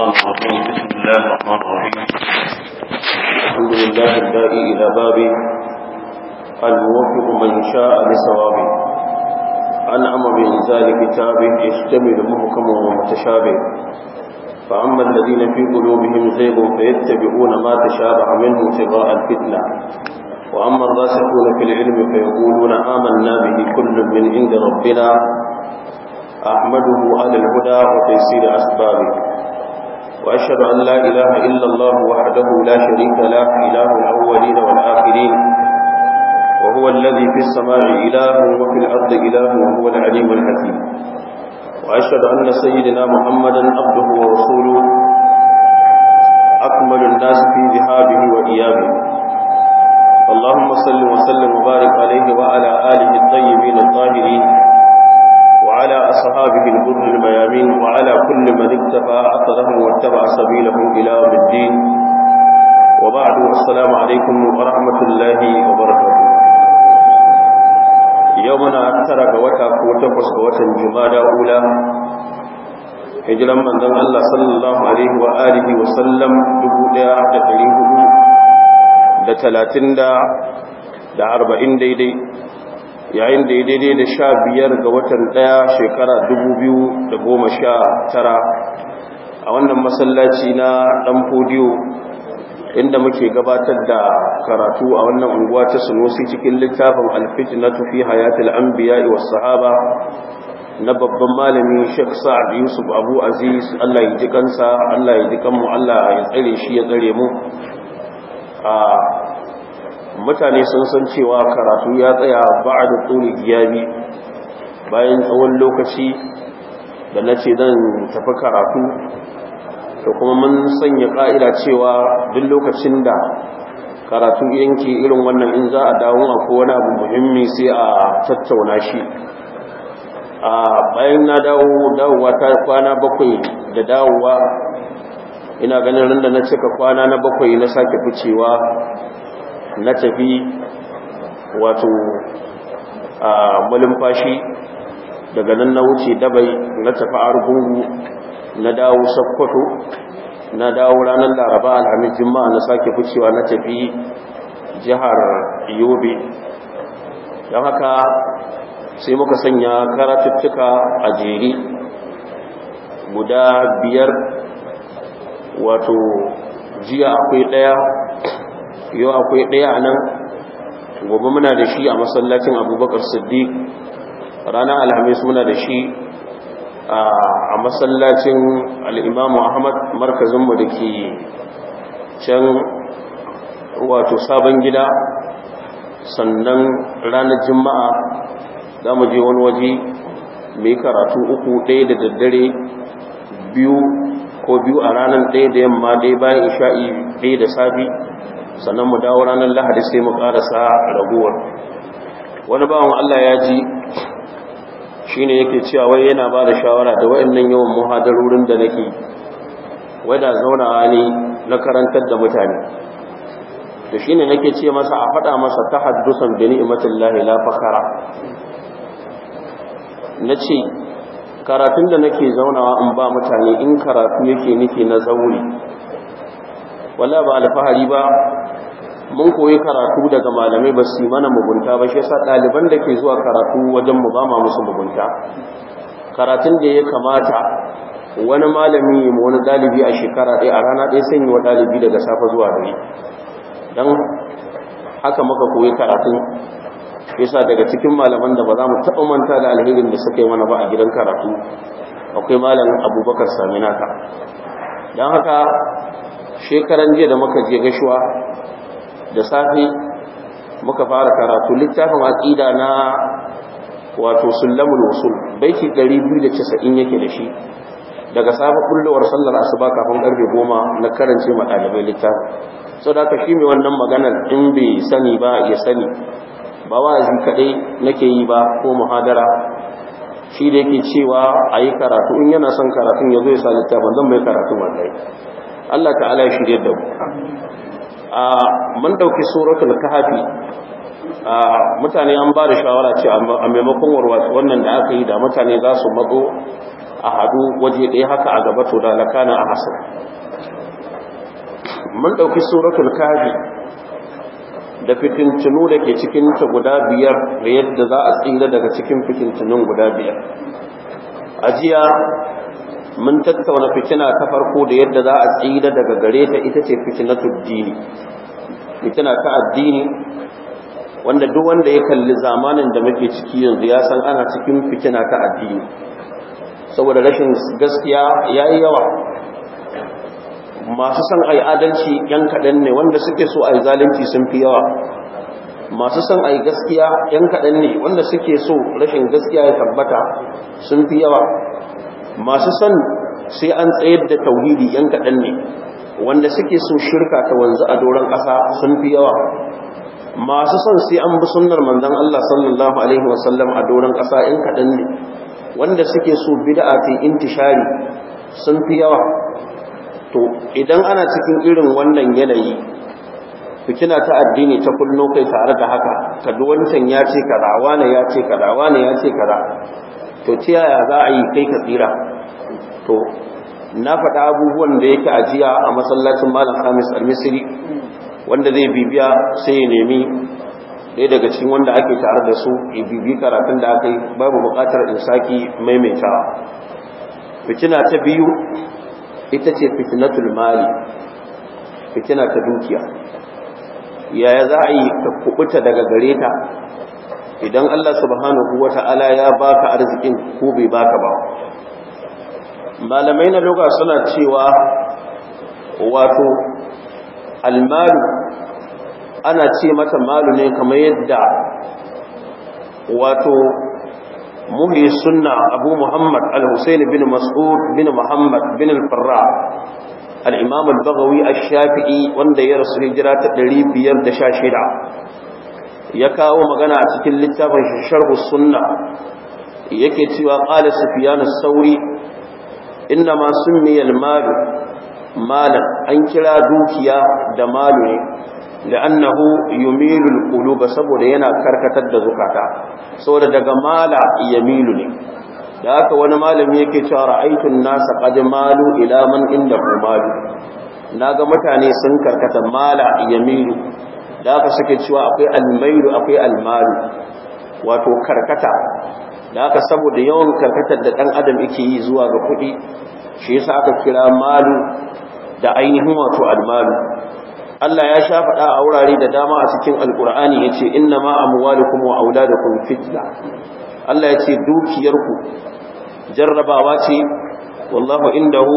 بسم الله الرحمن الرحيم الحمد لله الدائي إلى بابي الموفق من شاء لصوابه أنعم بإنزال كتاب يشتمل محكم ومتشابه فأما الذين في قلوبهم زيغ فيتبعون ما تشابه منه ابتغاء الفتنة وأما الراسخون في العلم فيقولون آمنا به كل من عند ربنا أحمده على الهدى وتيسير أسبابه وأشهد أن لا إله إلا الله وحده لا شريك له إله الأولين والآخرين وهو الذي في السماء إله وفي الأرض إله وهو العليم الحكيم وأشهد أن سيدنا محمدا عبده ورسوله أكمل الناس في ذهابه وإيابه اللهم صل وسلم وبارك عليه وعلى آله الطيبين الطاهرين وعلى أصحابه الغر الميامين وعلى كل من اكتفى أثرهم واتبع سبيله إلى يوم الدين وبعد السلام عليكم ورحمة الله وبركاته يومنا أكثر قوتا قوتفس قوتا جمالا أولى hijiran manzon Allah sallallahu alaihi wa alihi wa sallam 1400 da 30 da 40 daidai yayin da ya daidai da sha biyar ga watan ɗaya shekara dubu biyu da goma sha tara a wannan masallaci na ɗan podiyo inda muke gabatar da karatu a wannan unguwa ta sunosi cikin littafin alfiti na fi hayatil anbiya'i biya sahaba na babban malami shek Sa'ad Yusuf Abu Aziz Allah ya ji kansa Allah ya ji kanmu Allah ya tsare shi ya tsare mu a mutane sun san cewa karatu ya tsaya da tsuri giyabi bayan tsawon lokaci da na ce zan tafi karatu da kuma mun sanya ƙa'ida cewa duk lokacin da karatu yanki irin wannan in za a dawo a kowane abu muhimmi sai a tattauna shi a bayan na dawo dawowa ta kwana bakwai da dawowa ina ganin randa na cika kwana na bakwai na sake ficewa na tafi wato a malumfashi daga nan na wuce dabai na tafi argungu na dawo sakkwato na dawo ranar laraba alhamin juma'a na sake ficewa na tafi jihar yobe don haka sai muka sanya karatuttuka a jere guda biyar wato jiya akwai ɗaya yau akwai ɗaya a nan gobe muna da shi a masallacin abubakar siddiq ranar alhamis muna da shi a masallacin al'imamu ahmad mu da ke can wato sabon gida sannan ranar juma'a za mu je wani waje mai karatu uku ɗaya da daddare biyu ko biyu a ranar ɗaya da yamma ɗaya bayan isha'i ɗaya da safi sannan mu dawo ranar lahadi sai mu karasa raguwar wani bawan Allah ya ji shine yake cewa wai yana ba da shawara da wayannan yawan muhadarorin da nake wai da zaunawa ne na karantar da mutane da shine nake ce masa a faɗa masa tahaddusan bi ni'matillahi la fakara nace karatun da nake zaunawa in ba mutane in karatu yake nake na zauri Wala ba alfahari ba mun koyi karatu daga malamai ba su mana mugunta ba shi yasa ɗaliban da ke zuwa karatu wajen mu ba ma musu mugunta karatun da ya kamata wani malami ma wani ɗalibi a shekara ɗaya a rana ɗaya yi wa ɗalibi daga safe zuwa dare don haka muka koyi karatun yasa daga cikin malaman da ba za mu taɓa manta da alherin da suka yi mana ba a gidan karatu akwai malam abubakar saminaka don haka shekaran jiya da muka je gashuwa da safe muka fara karatu littafin aqida na wato sullamul usul baiti 290 yake da shi daga safe kullawar sallar asuba kafin karfe 10 na karance ma dalibai littafin so da ka shi mai wannan maganar in bai sani ba ya sani ba wa'azi kadai nake yi ba ko muhadara shi da yake cewa a yi karatu in yana son karatun ya zo ya sa littafin zan mai karatu wallahi Allah ta'ala ya shirya da mu mun ɗauki suratul kahafi mutane an ba da shawara ce a maimakon wannan da aka yi da mutane za su matso a hadu waje ɗaya haka a gaba to da lakana a hasan mun ɗauki suratul kahafi da fitintunu da ke cikin ta guda biyar da yadda za a tsira daga cikin fitintunun guda biyar ajiya mun tattauna fitina ta farko da yadda za a tsira daga gare ta ita ce fitina ta dini fitina ta addini wanda duk wanda ya kalli zamanin da muke ciki yanzu ya san ana cikin fitina ta addini saboda rashin gaskiya ya yi yawa masu son a adalci yan kaɗan ne wanda suke so a zalunci sun fi yawa masu son a gaskiya yan kaɗan ne wanda suke so rashin gaskiya ya tabbata sun fi yawa masu son sai an tsayar da tauhidi yan kaɗan ne wanda suke sun shirka ta wanzu a doron ƙasa sun fi yawa masu son sai an bi sunnar manzon Allah sallallahu alaihi wasallam a doron ƙasa yan kaɗan ne wanda suke so bid'a ta intishari sun fi yawa to idan ana cikin irin wannan yanayi fikina ta addini ta kullo kai tare da haka ta bi wancan ya ce kaza wane ya ce kaza wane ya ce kaza to ta yaya za a yi kai ka tsira to na faɗa abubuwan da yake ajiya a masallacin malam Khamis al-Misri wanda zai bibiya sai ya nemi ɗaya daga cikin wanda ake tare da su ya bibi karatun da aka yi babu buƙatar in saki maimaitawa fitina ta biyu ita ce fitinatul mali fitina ta dukiya yaya za a yi ka kubuta daga gare ta idan Allah subhanahu ta'ala ya baka arzikin ko bai baka ba malamai na loga suna cewa wato almalu ana ce mata malu ne kamar yadda wato muhi sunna abu muhammad al-husayn bin mas'ud bin muhammad bin al-farra al-imam al ash-shafi'i wanda ya rasu hijira ta 516 ya kawo magana a cikin littafin sharh sunna yake cewa qala sufyan sauri inna ma sunniyal malu malan an kira dukiya da malu ne annahu yumilul quluba saboda yana karkatar da zukata saboda daga mala yamilu ne da haka wani malami yake cewa ra'aytun nasa qad malu ila man inda malu naga mutane sun karkata mala yamilu da haka suke cewa akwai al al-mailu akwai al-malu wato karkata da aka saboda yawan karkatar da ɗan adam yake yi zuwa ga kuɗi shi yasa aka kira malu da ainihin wato almalu Allah ya sha faɗa a wurare da dama a cikin alkur'ani ya ce inna ma amwalukum wa auladukum fitna Allah ya ce dukiyarku jarrabawa ce wallahu indahu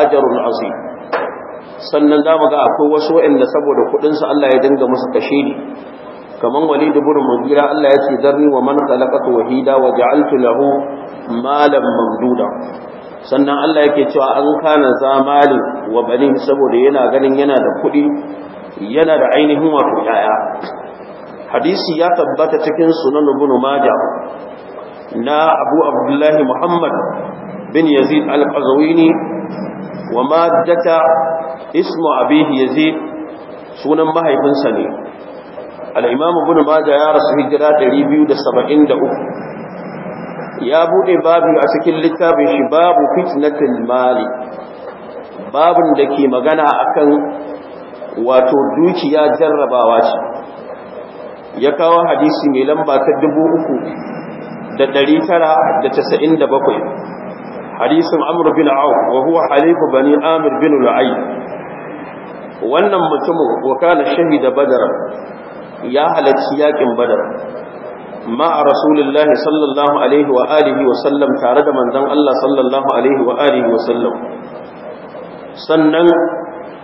ajarun azim sannan zamu ga akwai wasu waɗanda saboda kuɗinsu Allah ya dinga musu ne. kaman walid ibn mughira Allah ya ce darni wa man khalaqatu wahida wa ja'altu lahu sannan Allah yake cewa an kana zamani wa bani saboda yana ganin yana da kuɗi yana da ainihin wato yaya hadisi ya tabbata cikin sunan ibn majah na abu abdullahi muhammad bin yazid al-qazawini wa maddata ismu abihi yazid sunan mahaifinsa ne al-imam ibn ya rasu hijira 273 ya bude babu a cikin littafin shi babu Fitnatin mali babun da ke magana akan wato dukiya jarrabawa ce ya kawo hadisi mai lamba ta 3997 حديث عمرو بن عوف وهو حليف bani عامر bin لعي wannan mutumin wakana da badar ya halarci yaƙin badar ma'a rasulullahi sallallahu alaihi wa alihi wa sallam tare da manzon Allah sallallahu alaihi wa alihi wa sallam sannan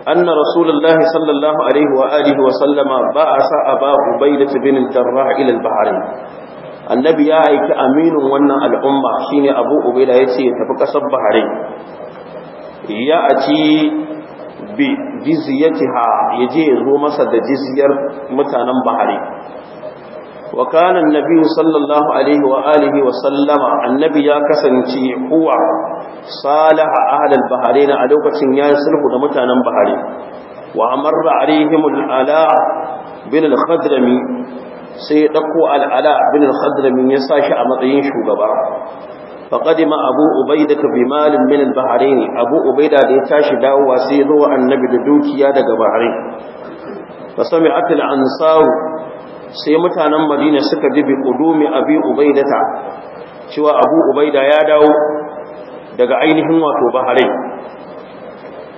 anna rasulullahi sallallahu alaihi wa alihi wa sallama ba'asa aba ubaidah bin al-jarrah ila al-bahrain annabi ya aiki aminin wannan al'umma shine abu ubaida yace ya tafi kasar bahrain ya aci bi jizyatiha yaje ya zo masa da jiziyar mutanen bahari wa Nabiyu annabi sallallahu alaihi wa sallama annabi ya kasance huwa salaha ahlal bahrain a lokacin ya sulhu da mutanen bahari wa amarra alaihim ala bin al-khadrami sai ya dauko al-ala bin al-khadrami ya a matsayin shugaba فقدم ابو عبيده بمال من البحرين ابو عبيده ده تاشي داوا سي زو annabi ده dukiya daga bahrain فسمعت الانصار sai mutanen مدينه suka bi dibi qudumi abi ubaidata cewa abu ubaida ya dawo daga ainihin wato bahrain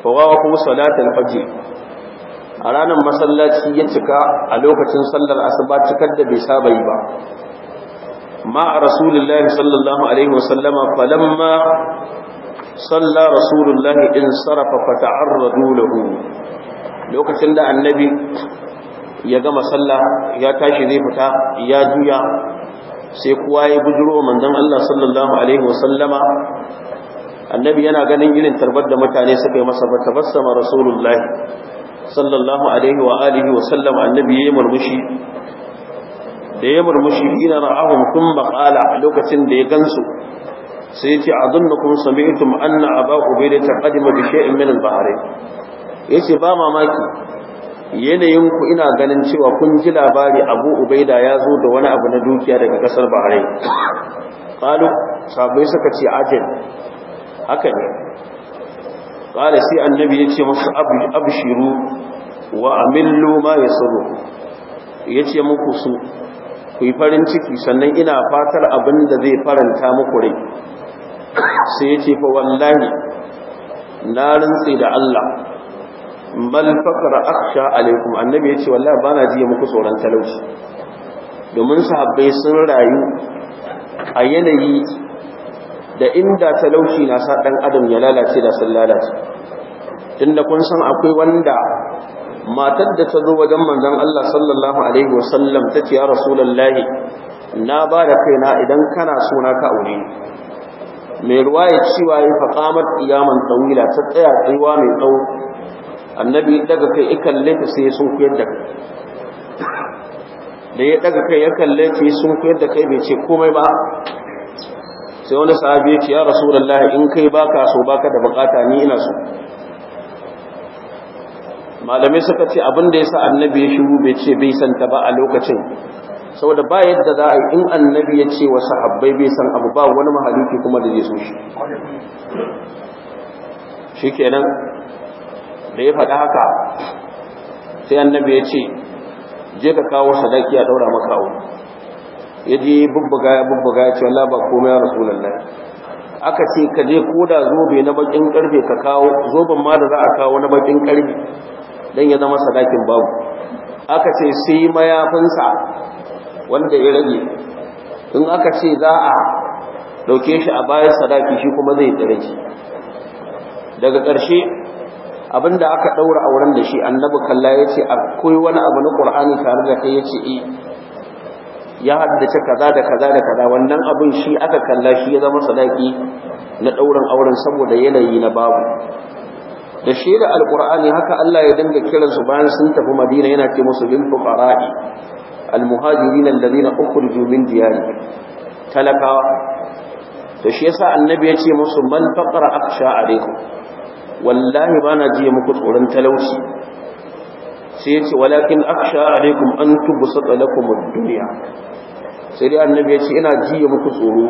fawawa kuma salatul fajr a ranar masallaci ya cika a lokacin sallar asuba cikar da bai saba yi ba مع رسول الله صلى الله عليه وسلم فلما صلى رسول الله انصرف فتعرضوا له lokacin da annabi ya gama sallah ya tashi zai fita ya juya sai kowa ya bujiro manzon Allah sallallahu alaihi wasallama annabi yana ganin irin tarbar da mutane suka yi masa tabassama rasulullahi sallallahu alaihi wa alihi wa sallam annabi yayi murmushi da ya murmushi ina ra'ahum sun baƙala lokacin da ya gansu sai yace adunnukum sami'tum anna aba ubayda taqaddama bi shay'in min al-bahrain yace ba mamaki yanayin ku ina ganin cewa kun ji labari abu ubaida ya zo da wani abu na dukiya daga kasar bahrain qalu sabai suka ce ajin haka ne qala sai annabi yace musu abshiru wa amillu ma yasru yace muku su ku yi farin ciki sannan ina fatar abin da zai faranta muku rai sai ya ce fa wallahi na rantse da Allah Malfakar faqra akhsha alaikum annabi ya ce wallahi bana jiya muku tsoron talauci domin sahabbai sun rayu a yanayi da inda talauci na sa dan adam ya lalace da sun lalace tunda kun san akwai wanda matar da ta zo wajen manzon Allah sallallahu alaihi wasallam ta ce ya rasulullahi na ba da kaina idan kana so na ka aure ni mai ruwa ya cewa ya fa qamat qiyaman tawila ta tsaya tsayuwa mai tsawo annabi daga kai ikan lafi sai ya sunku yadda da ya daga kai ya kalle ta ya sunku yadda kai bai ce komai ba sai wani sahabi ya ce ya rasulullahi in kai baka so baka da bukata ni ina so malamai suka ce abin da ya sa annabi ya shiru bai ce bai san ta ba a lokacin saboda ba yadda za a yi in annabi ya ce wa sahabbai bai san abu ba wani mahaliki kuma da zai so shi shikenan da ya faɗa haka sai annabi ya ce je ka kawo sadaki a daura maka aure ya je bubbuga ya bubbuga ya ce wallahi ba komai ya rasulullahi aka ce ka je koda zobe na bakin karfe ka kawo zoben ma da za a kawo na bakin karfe don ya zama sadakin babu aka ce sai mayafinsa wanda ya rage in aka ce za a ɗauke shi a bayan sadaki shi kuma zai tsiraci daga ƙarshe abinda aka ɗaura a wurin da shi annabi kalla ya ce akwai wani abu na ƙur'ani tare da kai ya ce eh, ya haddace kaza da kaza da kaza wannan abin shi aka kalla shi ya zama sadaki na ɗaurin auren saboda yanayi na babu da shi da alkur'ani haka Allah ya dinga kiran su bayan sun tafi Madina yana ce musu lil fuqara'i almuhajirin alladhina ukhriju min diyari, talakawa to shi yasa annabi ya ce musu man faqara akhsha alaikum wallahi bana ji muku tsoron talauci sai ya ce walakin akhsha alaikum an tubsata lakum ad-dunya sai dai annabi ya ce ina ji muku tsoro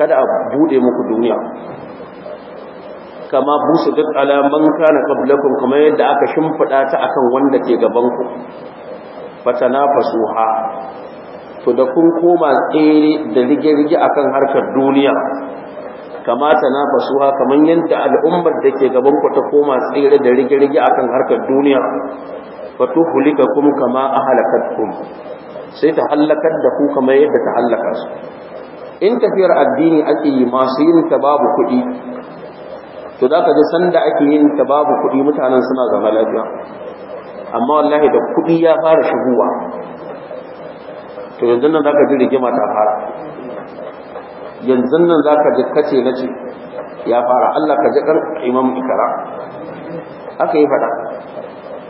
kada a bude muku duniya kama busu duk alaman kana qablakum kuma yadda aka shimfiɗa ta akan wanda ke gaban ku fatanafasuha to da kun koma tsere da rige-rige akan harkar duniya kama na fasuha kamar yadda al'ummar da ke gaban ku ta koma tsere da rige-rige akan harkar duniya fatu hulika kuma kama a halakatkum sai ta hallakar da ku kamar yadda ta hallaka su in tafiyar addini ake yi masu yin ta babu kuɗi to za ka ji sanda ake yin ta babu kuɗi mutanen suna zama lafiya amma wallahi da kuɗi ya fara shigowa to yanzu nan za ka ji rigima ta fara yanzu nan za ka ji kace na ce ya fara Allah ka ji kan imam ikara aka yi faɗa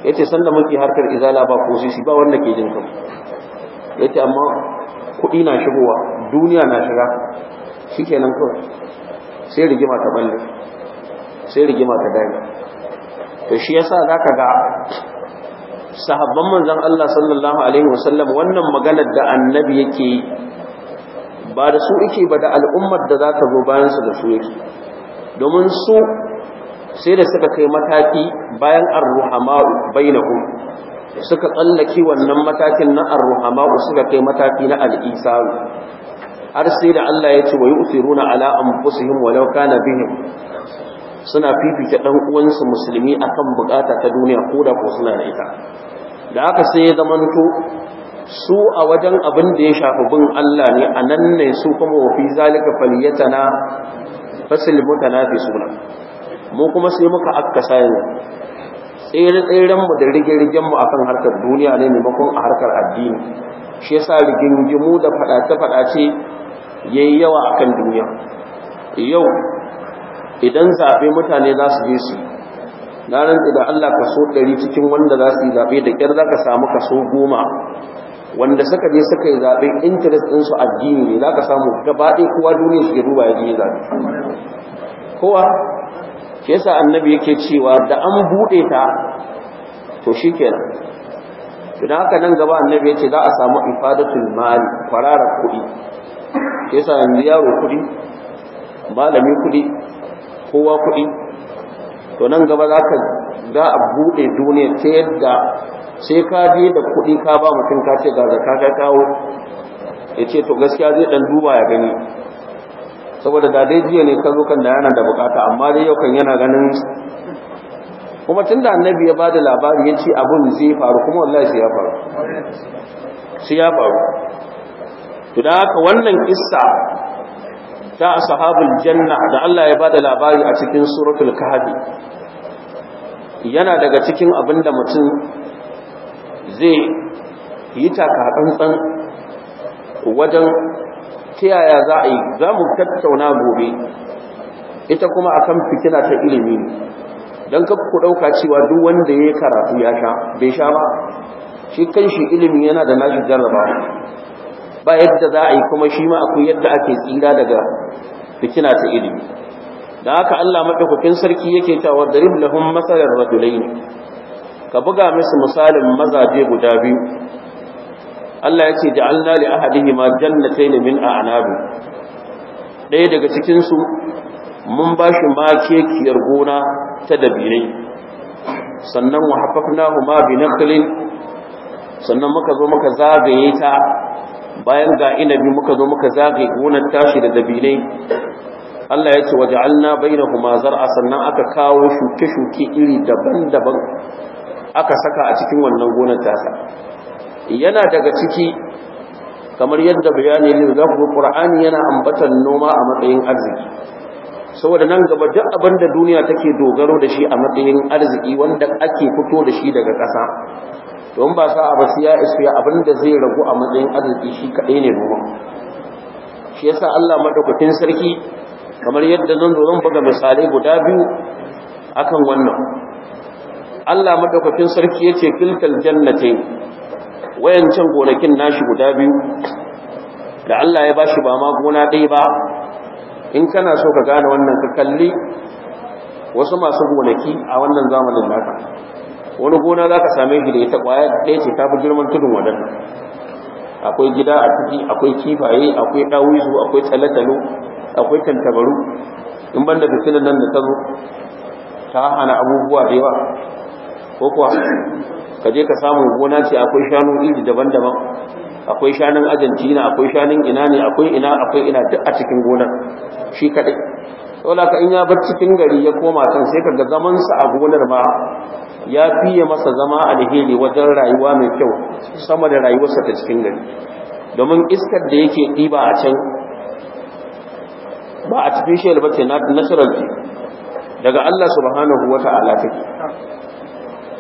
ya ce sanda muke harkar izala ba ko sisi ba wanda ke jin kan ya ce amma kuɗi na shigowa duniya na shiga shi kenan kawai sai rigima ta balle sai rigima ta dare to shi yasa zaka ga sahabban manzon Allah sallallahu alaihi wasallam wannan maganar da annabi yake ba da su yake ba da al'ummar da za ta zo bayan su da su yake domin su sai da suka kai mataki bayan ar-ruhama bainahum suka tsallake wannan matakin na ar-ruhama suka kai mataki na al'isaru har sai da Allah ya ce wa yu'thiruna ala anfusihim walau kana bihim suna fifita ɗan uwansu musulmi akan bukata ta duniya ko da ko suna da ita da haka sai ya zamanto su a wajen abin da ya shafi bin Allah ne a nan ne su kuma wafi zalika faliyatana fasil mutanafi suna mu kuma sai muka akkasa yanzu tsere-tseren mu da rige mu akan harkar duniya ne maimakon a harkar addini shi yasa rigingimu da faɗace-faɗace yayi yawa akan duniya yau idan zaɓe mutane za su je su na rantsi da Allah kaso ɗari cikin wanda za su yi zaɓe da ƙyar za ka samu kaso goma wanda suka je suka yi zaɓe interest su addini ne za ka samu ɗaya kowa duniya su duba ya je zaɓe kowa shi yasa annabi yake cewa da an buɗe ta to shi kenan idan haka nan gaba annabi ya za a samu ifadatul mali kwararar kuɗi shi yasa yanzu yaro kuɗi malami kuɗi kowa kuɗi to nan gaba za ka za a buɗe duniya ta yadda sai ka je da kuɗi ka ba mutum ka ce ga zaka ka kawo ya ce to gaskiya zai ɗan duba ya gani saboda da dai jiya ne ka zo kan da yana da bukata amma dai yau kan yana ganin kuma tun da annabi ya ba da labari ya ce abin zai faru kuma wallahi sai ya faru sai ya faru to da haka wannan kissa ta ashabul janna da Allah ya bada labari a cikin suratul kahfi yana daga cikin abin da mutum zai yi taka tsantsan wajen ta yaya za a yi za mu tattauna gobe ita kuma akan fitila ta ilimi don kafa ku ɗauka cewa duk wanda ya karatu ya sha bai sha ba shi kan shi ilimi yana da nashi jarraba ba yadda za a yi kuma shi ma akwai yadda ake tsira daga kina ta ilimi da haka Allah madaukakin sarki yake cewa darib lahum masalan rajulain ka buga musu misalin mazaje guda biyu Allah ya ce ja'alna li ahadihima jannatayn min a'nab ɗaya daga cikin su mun bashi makekiyar gona ta dabire sannan wa hafafnahu ma bi sannan muka zo muka zagaye ta bayan ga inabi muka zo muka zage gonar tashi da dabilai, Allah ya ce waje bainahuma humazar zar'a sannan aka kawo shuke-shuke iri daban-daban aka saka a cikin wannan gonar tasa yana daga ciki kamar yadda bayani ne da ku Qur'ani yana ambatan noma a matsayin arziki saboda nan gaba duk abin duniya take dogaro da shi a matsayin arziki wanda ake fito da shi daga ƙasa don ba sa ba sai ya isa abin da zai ragu a matsayin arziki shi kaɗai ne noma shi yasa Allah madaukakin sarki kamar yadda zan zo zan buga misalai guda biyu akan wannan Allah madaukakin sarki yace filkal wayan wayancan gonakin nashi guda biyu da Allah ya bashi ba ma gona ɗaya ba in kana so ka gane wannan ka kalli wasu masu gonaki a wannan zamanin naka wani gona za ka same shi da ita ƙwaya ɗaya ce ta fi girman tudun wadan akwai gida a ciki akwai kifaye akwai ɗawisu akwai tsalatalo akwai tantabaru in banda fitinan nan da ta zo ta hana abubuwa da yawa ko kuwa ka je ka samu gona ce akwai shanu iri daban-daban akwai shanun argentina akwai shanun ina ne akwai ina akwai ina duk a cikin gonar shi kaɗai dole ka in ya bar cikin gari ya koma kan sai ka ga zamansa a gonar ma ya fiye masa zama alheri wajen rayuwa mai kyau sama da rayuwarsa ta cikin gari domin iskar da yake ɗiba a can ba a cikin shi ba ce nasarar ce daga Allah subhanahu wa ta'ala take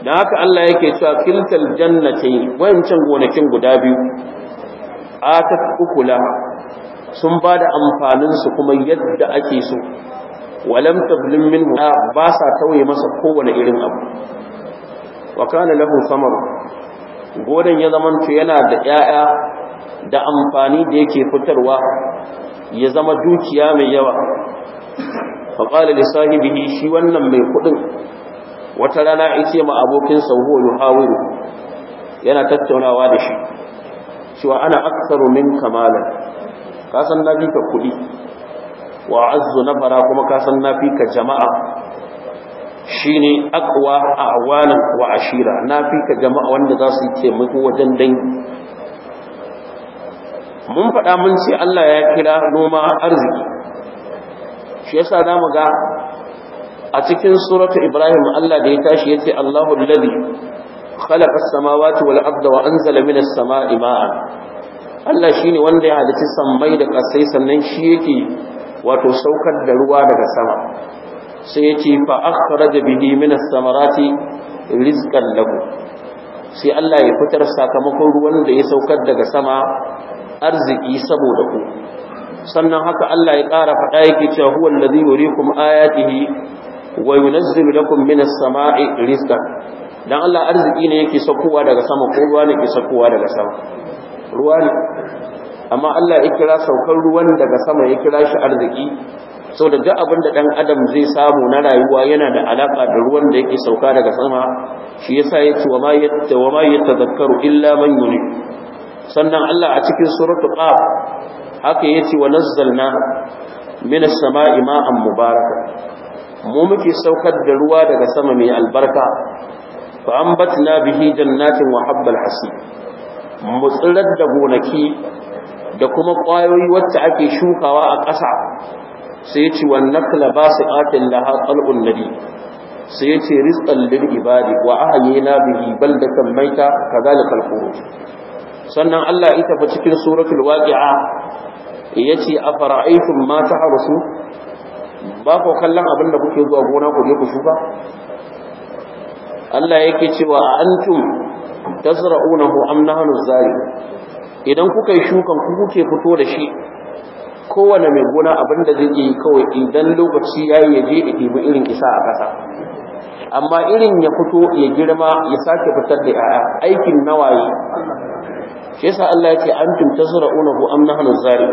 da haka Allah yake cewa kiltal jannati wayancan gonakin guda biyu atat ukula sun ba da amfanin su kuma yadda ake so walam tablim min ba sa tauye masa kowane irin abu wa kana lahu samar godan ya zamanto yana da 'ya'ya da amfani da yake fitarwa ya zama dukiya mai yawa fa qala li sahibihi shi wannan mai kudin wata rana yace ma abokinsa huwa yuhawiru yana tattaunawa da shi cewa ana aktsaru min kamalan ka san na fi ka kudi wa azzu nafara kuma ka san na fi ka jama'a shine aqwa a'wanan wa ashira na fi ka jama'a wanda za su yi taimako wajen dangi mun faɗa mun ce Allah ya kira noma arziki shi yasa da mu ga a cikin surata Ibrahim Allah da ya tashi yace Allahu alladhi khalaqa as-samawati wal arda wa anzala minas samai ma'an Allah shine wanda ya halicci sammai da ƙasai sannan shi yake wato saukar da ruwa daga sama sai ya ce fa akhraja bihi min as-samarati rizqan lahu sai Allah ya fitar sakamakon ruwan da ya saukar daga sama arziki saboda ku sannan haka Allah ya ƙara faɗa yake cewa huwa allazi yuriikum ayatihi wa yunazzilu lakum as samai rizqan dan Allah arziki ne yake sakowa daga sama ko ruwa ne yake sakowa daga sama ruwa ne amma Allah ya kira saukar ruwan daga sama ya kira shi arziki da duk abin da dan adam zai samu na rayuwa yana da alaƙa da ruwan da yake sauka daga sama shi yasa yace wa ma yatta wa ma yatadhakkaru illa man yuni sannan Allah a cikin suratul qaf haka yace wa nazzalna minas sama'i ma'an mubaraka mu muke saukar da ruwa daga sama mai albarka fa ambatna bihi jannatin wa habbal hasi mu da gonaki da kuma ƙwayoyi wacce ake shukawa a ƙasa sai ce wa nakla basiqatin laha qalbun nabi sai ce rizqan lil ibadi wa a na bihi kan maita ka gane khuruj sannan Allah ya tafi cikin suratul ce a afara'aytum ma ta tahrusu ba ku kallon abin da kuke zuwa gona ku je ku shuka Allah yake cewa a antum tazra'unahu am nahnu zari idan kuka yi shukan ku kuke fito da shi kowane mai gona abin da zai yi kawai idan lokaci ya yi yaje ya ɗibi irin isa a ƙasa amma irin ya fito ya girma ya sake fitar da ya'ya aikin nawaye shi yasa Allah ya ce antum tasra'unahu am nahnu zari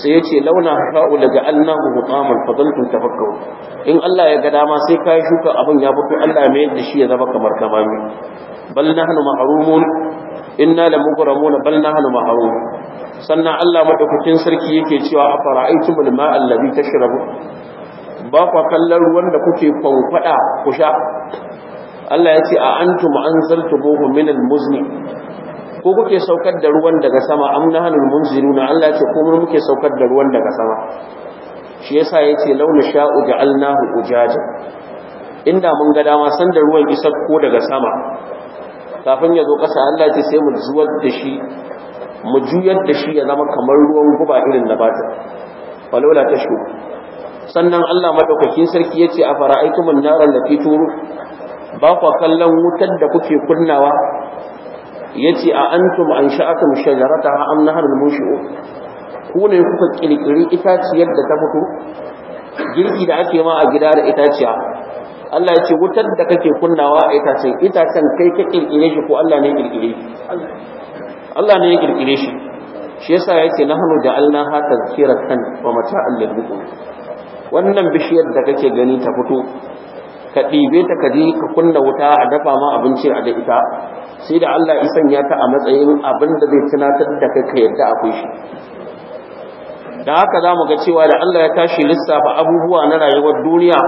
sai yace launa hafa'u daga annahu hutaman fadaltum tafakkaru in Allah ya ga dama sai kai shuka abin ya fito Allah mai yadda shi ya zama kamar kamami bal nahnu mahrumun inna lamughramuna bal nahnu mahrumun sannan Allah madaukakin sarki yake cewa a bil ma'a allazi tashrabu ba kwa kallon ruwan da kuke kwankwada ku sha Allah ya ce a antum anzaltumuhu al muzni ko kuke saukar da ruwan daga sama amna hanul munziruna Allah ya ce ko mun muke saukar da ruwan daga sama shi yasa yace launa sha'u ja'alnahu ujaja inda mun ga dama san da ruwan isa ko daga sama kafin ya zo ƙasa Allah ya ce sai mu zuwa da shi mu juyar da shi ya zama kamar ruwan guba irin na bata Falola ta sannan Allah madaukakin sarki yace a fara'aitumun naran lati turu ba ku kallon wutar da kuke kunnawa yace a antum ansha'atum shajarataha am nahar mushi'u ku ne kuka kirkiri itaciyar da ta fito girki da ake ma a gida da itaciya Allah ya ce wutar da kake kunnawa a itacen itacen kai ka kirkire shi ko Allah ne kirkire Allah ne ya kirkire shi shi yasa yake da ja'alna ha kan wa mata'an lil muqim wannan bishiyar da kake gani ta fito ka ɗibe ta ka je ka kunna wuta a dafa ma abinci a da ita sai da Allah ya sanya ta a matsayin abin da zai tunatar da kai ka yadda akwai shi da haka za mu ga cewa da Allah ya tashi lissafa abubuwa na rayuwar duniya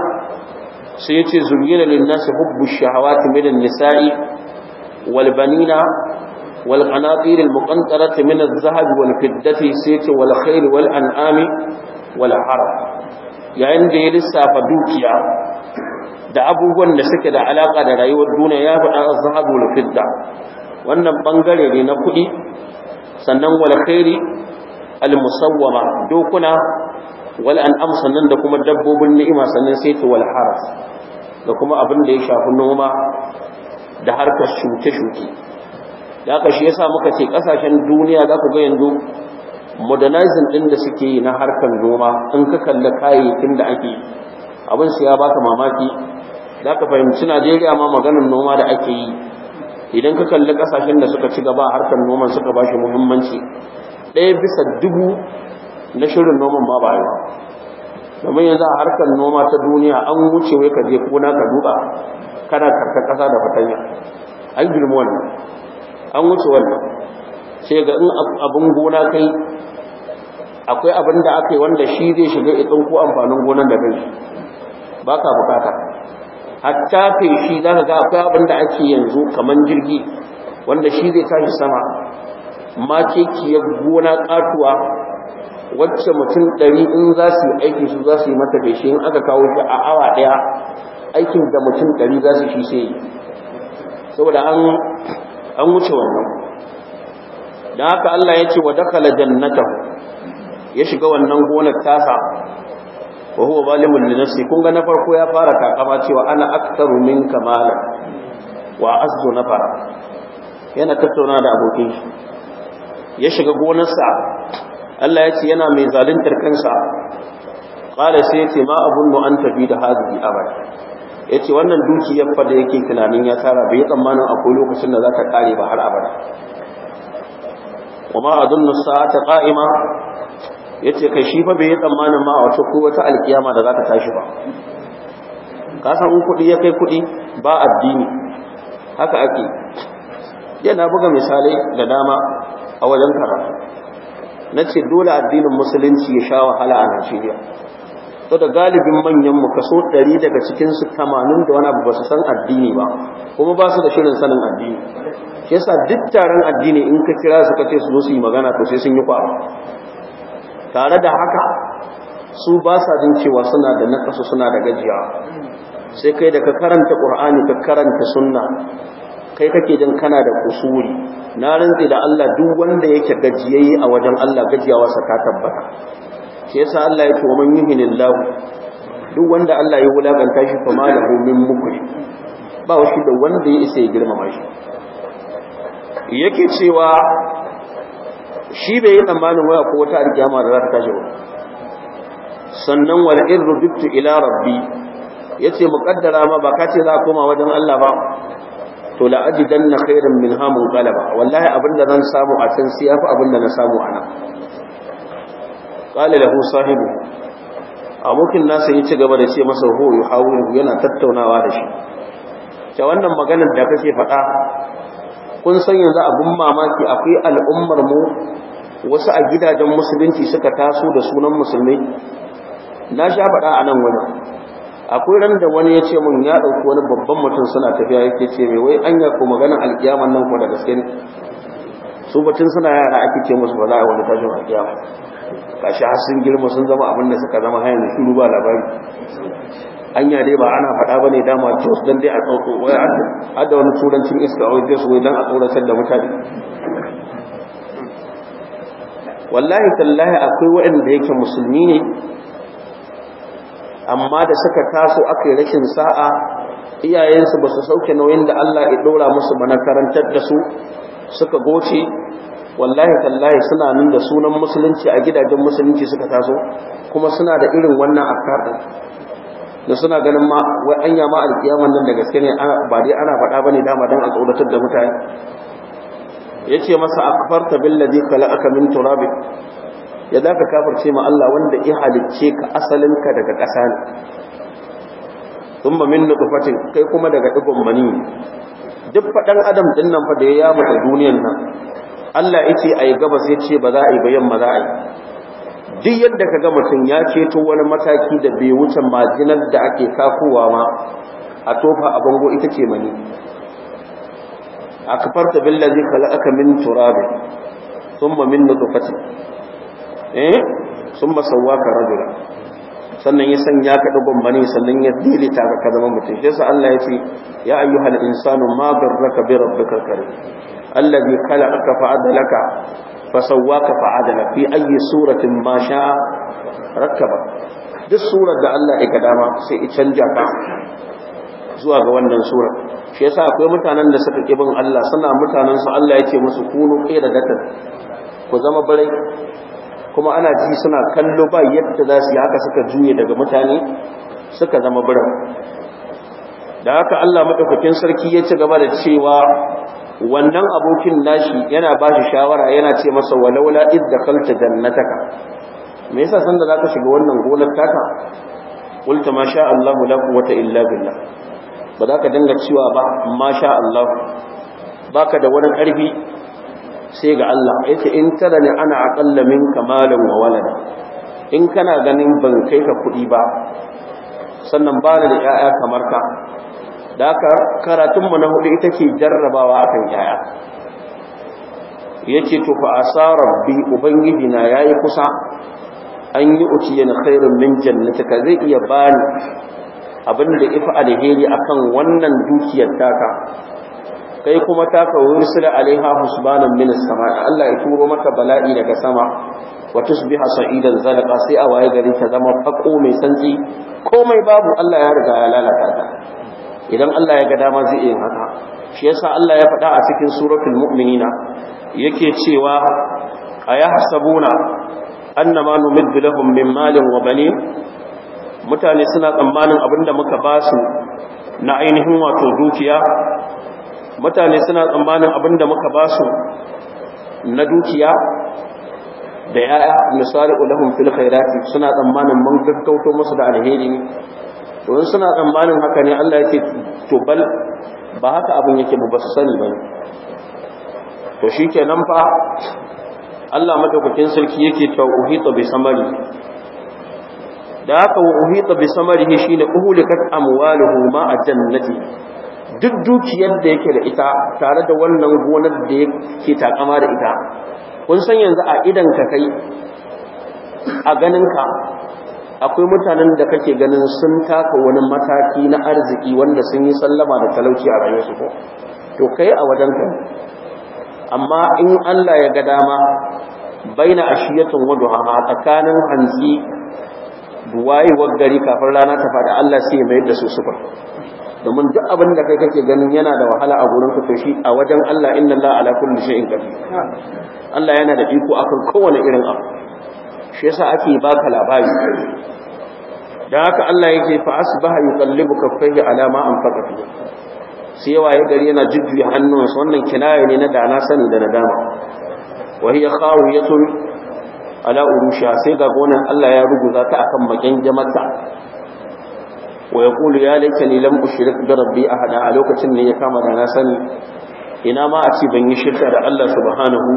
sai ya ce zurgina linnasi hubbu shahawati min nisa'i wal banina wal qanatir al muqantarati min al zahab wal fiddati sai ce wal khayl yayin da ya lissafa dukiya da abubuwan da suke da alaka da rayuwar duniya ya faɗa zahabu wal fidda wannan ɓangare ne na kuɗi sannan wal khairi al musawwama dokuna wal an'am sannan da kuma dabbobin ni'ima sannan sai ta wal haras da kuma abin da ya shafi noma da harkar shuke-shuke da aka shi yasa muka ce kasashen duniya za ku ga yanzu modernizing din da suke yi na harkar noma in ka kalla kayayyakin da ake abin su ya baka mamaki za ka fahimci najeriya ma maganar noma da ake yi idan ka kalli kasashen da suka ci gaba harkar noman suka ba shi muhimmanci ɗaya bisa dubu na shirin noman ma ba bayan domin yanzu a harkar noma ta duniya an wuce wai ka je kona ka duba kana karkar ƙasa da fatanya an girma wannan an wuce wannan sai ga in abin gona kai akwai abin da aka yi wanda shi zai shiga itsin ko amfanin gonan da kai ba ka bukata hatta shi za ka ga akwai abin da ake yanzu kamar jirgi wanda shi zai tashi sama ma makekiyar gona katuwa wacce mutum ɗari in za su yi aiki su za su yi mata feshi in aka kawo shi a awa ɗaya aikin da mutum ɗari za su shi sai saboda an an wuce wannan dan haka Allah ya ce wa dakhala jannata ya shiga wannan gonar tasa wa huwa zalimun li nafsi kun ga na farko ya fara kakama, cewa ana aktaru min kamala, wa azzu nafara yana tattauna da abokin shi ya shiga gonarsa Allah ya ce yana mai zaluntar kansa qala sai ya ce ma abunnu an tafi da hadhihi abada ya ce wannan dukiyar fa da yake tunanin ya tara bai yi tsammanin akwai lokacin da za ta kare ba har abada kuma a dunnu sa'ata qa'ima yace kai shi fa bai yi tsammanin ma wata ko wata alkiyama da za ta tashi ba ka san kuɗi ya kai kuɗi ba addini haka ake yana buga misalai da dama a wajen karatu na ce dole addinin musulunci ya sha wahala a Najeriya da galibin manyan mu kaso 100 daga cikin su 80 da wani abu ba su san addini ba kuma ba su da shirin sanin addini shi yasa duk taron addini in ka kira su ka ce su zo su yi magana to sai sun yi kwa tare da haka su ba sa jin cewa suna da nakasu suna da gajiya sai kai da ka karanta qur'ani ka karanta sunna kai kake jin kana da kusuri na rantsi da Allah duk wanda yake gajiyayi a wajen Allah gajiyawarsa ta tabbata shi yasa Allah ya ce wa man yuhinillahu duk wanda Allah ya wulakanta shi fa ma lahu min mukri ba wa shi da wanda ya isa ya girmama shi yake cewa shi bai yi tsammanin waya ko wata alkiyama da za ta tashi ba sannan wal in rujibtu ila rabbi yace muqaddara ma ba ka ce za koma wajen Allah ba to la ajidanna khairan min hamun qalaba wallahi abinda zan samu a can sai yafi abinda na samu a nan da lahu sahibu abokin nasa yi ci gaba da ce masa ho yuhawiru yana tattaunawa da shi ta wannan maganar da kake faɗa kun san yanzu abin mamaki akwai al'ummar mu wasu a gidajen musulunci suka taso da sunan musulmi? na sha faɗa a nan wani akwai ran da wani ya ce min ya ɗauki wani babban mutum suna tafiya yake ce mai wai an ko maganar alƙiyaman nan ko da gaske ne su batun suna yara ake ce musu ba za a wani tashin alƙiyama kashi har sun girma sun zama abin da suka zama hayan shuru ba labari anya dai ba ana faɗa bane dama jos dan dai a tsauko wai har da wani turancin iska wai su wai dan a tsoratar da mutane wallahi tallahi akwai waɗanda yake musulmi ne amma da suka taso aka rashin sa'a iyayensu ba su sauke nauyin da Allah ya ɗora musu ba na karantar da su suka goce wallahi tallahi suna nan da sunan musulunci a gidajen musulunci suka taso kuma suna da irin wannan afkar din da suna ganin ma wai anya ma alƙiyaman nan da gaske ne ba dai ana faɗa bane dama dan a tsoratar da mutane yace masa akfarta billazi khalaqaka min turabin ya za ka kafarce ma Allah wanda ya halicce ka asalin ka daga ƙasa ne sun min kai kuma daga igon mani duk faɗan adam ɗin nan fa da ya yamu duniyar duniyar nan Allah ya a yi gabas ya ce ba za a yi ba yamma za a yi duk yadda ka ga mutum ya ceto wani mataki da bai wuce majinar da ake kafowa ma a tofa a bango ita ce mani a zai billazi aka min sun thumma min nutfatin eh thumma sawwaka rajula sannan ya sanya ka dubban gombani sannan ya dilita ka zama mutum sai sa Allah ya ce ya ayyuhal insanu ma garraka bi rabbikal karim allazi khalaqaka fa adalaka fa sawwaka fa adala fi ayyi suratin ma duk surar da Allah ya dama sai ya canja zuwa ga wannan sura shi yasa akwai mutanen da suka kibin Allah suna mutanen su Allah ya ce musu kunu qiradatan ku zama bare kuma ana ji suna kallo ba yadda za su yi haka suka juye daga mutane suka zama biran da haka Allah madaukakin sarki ya ci gaba da cewa wannan abokin nashi yana ba shi shawara yana ce masa walaula id dakhalta jannataka me yasa san da zaka shiga wannan gonar taka qulta ma sha Allah la quwwata illa billah ba za ka dinga cewa ba ma sha Allah baka da wani ƙarfi sai ga Allah yace in tara ni ana aqalla minka malan wa walada in kana ganin ban kai ka kuɗi ba sannan ba da 'ya'ya kamar ka da karatun karatunmu na hudu ita ce jarrabawa a kan yaya ya ce fa a sa rabbi ubangiji na ya yi kusa an yi yana khairun min ka zai iya bani abin da ifa alheri akan wannan dukiyar taka kai kuma taka wursila alaiha husbanan min sama Allah ya turo maka bala'i daga sama wa tusbiha sa'idan zalqa sai a waye gari ta zama fako mai santsi komai babu Allah ya riga ya lalata ta idan Allah ya ga dama zai iya haka shi yasa Allah ya faɗa a cikin suratul mu'minina yake cewa ayahsabuna annama numiddu lahum min malin wa banin mutane suna tsammanin abinda muka ba su na ainihin wato dukiya mutane suna tsammanin abinda muka ba su na dukiya da ya'ya misali ulahum fil khairati suna tsammanin mun gaggauto musu da alheri wani suna tsammanin haka ne Allah ya ce to bal ba haka abin yake ba su sani ba to shi ke nan fa Allah madaukakin sarki yake ta uhita bi samari da haka wa uhita bi samarihi shine uhulikat amwaluhu ma jannati duk dukiyar da yake da ita tare da wannan gonar da yake takama da ita kun san yanzu a idan ka kai a ganinka. akwai mutanen da kake ganin sun taka wani mataki na arziki wanda sun yi sallama da talauci a rayuwarsu ko to kai a wajen ka amma in Allah ya ga dama baina ashiyatun wa duhaha tsakanin hantsi duwayewar gari kafin rana ta fada Allah sai ya mayar da su sufa domin duk abin da kai kake ganin yana da wahala a gurin to shi a wajen Allah inna Allah ala kulli shay'in qadir Allah yana da iko akan kowane irin abu shi yasa ake baka labari da haka Allah yake fa asbaha yuqallibu kaffaihi ala ma anfaqa fi sai waye gari yana jujjuya hannunsa wannan kinaya ne na dana sani da nadama wa hiya khawiyatun ala urusha sai ga gonan Allah ya ruguza ta akan makin jama'ta wa yaqulu ya laitani lam ushrik bi rabbi ahada a lokacin ne ya kama da na sani ina ma a ce ban yi shirka da Allah subhanahu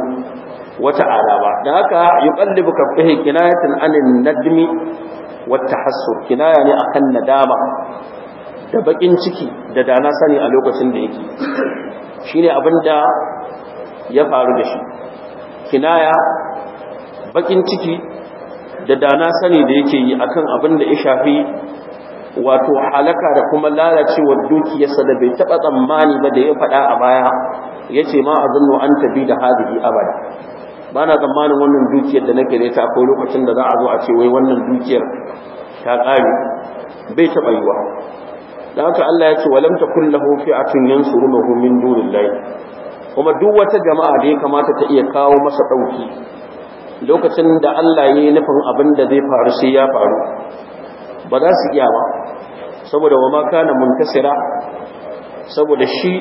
Wata ba dan haka yuqallibu kaffihi kinayatan anin nadmi wat tahassur kinaya ne akan nadama da bakin ciki da dana sani a lokacin da yake shine abinda ya faru da shi kinaya bakin ciki da dana sani da yake yi akan abinda ya shafi wato halaka da kuma lalacewar dukiyarsa da bai taɓa tsammani ba da ya faɗa a baya ya ce ma a zanno an da hadiri abada ba na tsammanin wannan dukiyar da nake da ita ko lokacin da za a zo a ce wai wannan dukiyar ta ƙare bai taɓa yiwa da haka Allah ya ce walam takun lahu fi'atun yansurunahu min dunillahi kuma duk wata jama'a da ya kamata ta iya kawo masa ɗauki lokacin da Allah ya yi nufin abin da zai faru sai ya faru ba za su iya ba saboda wa ma kana muntasira saboda shi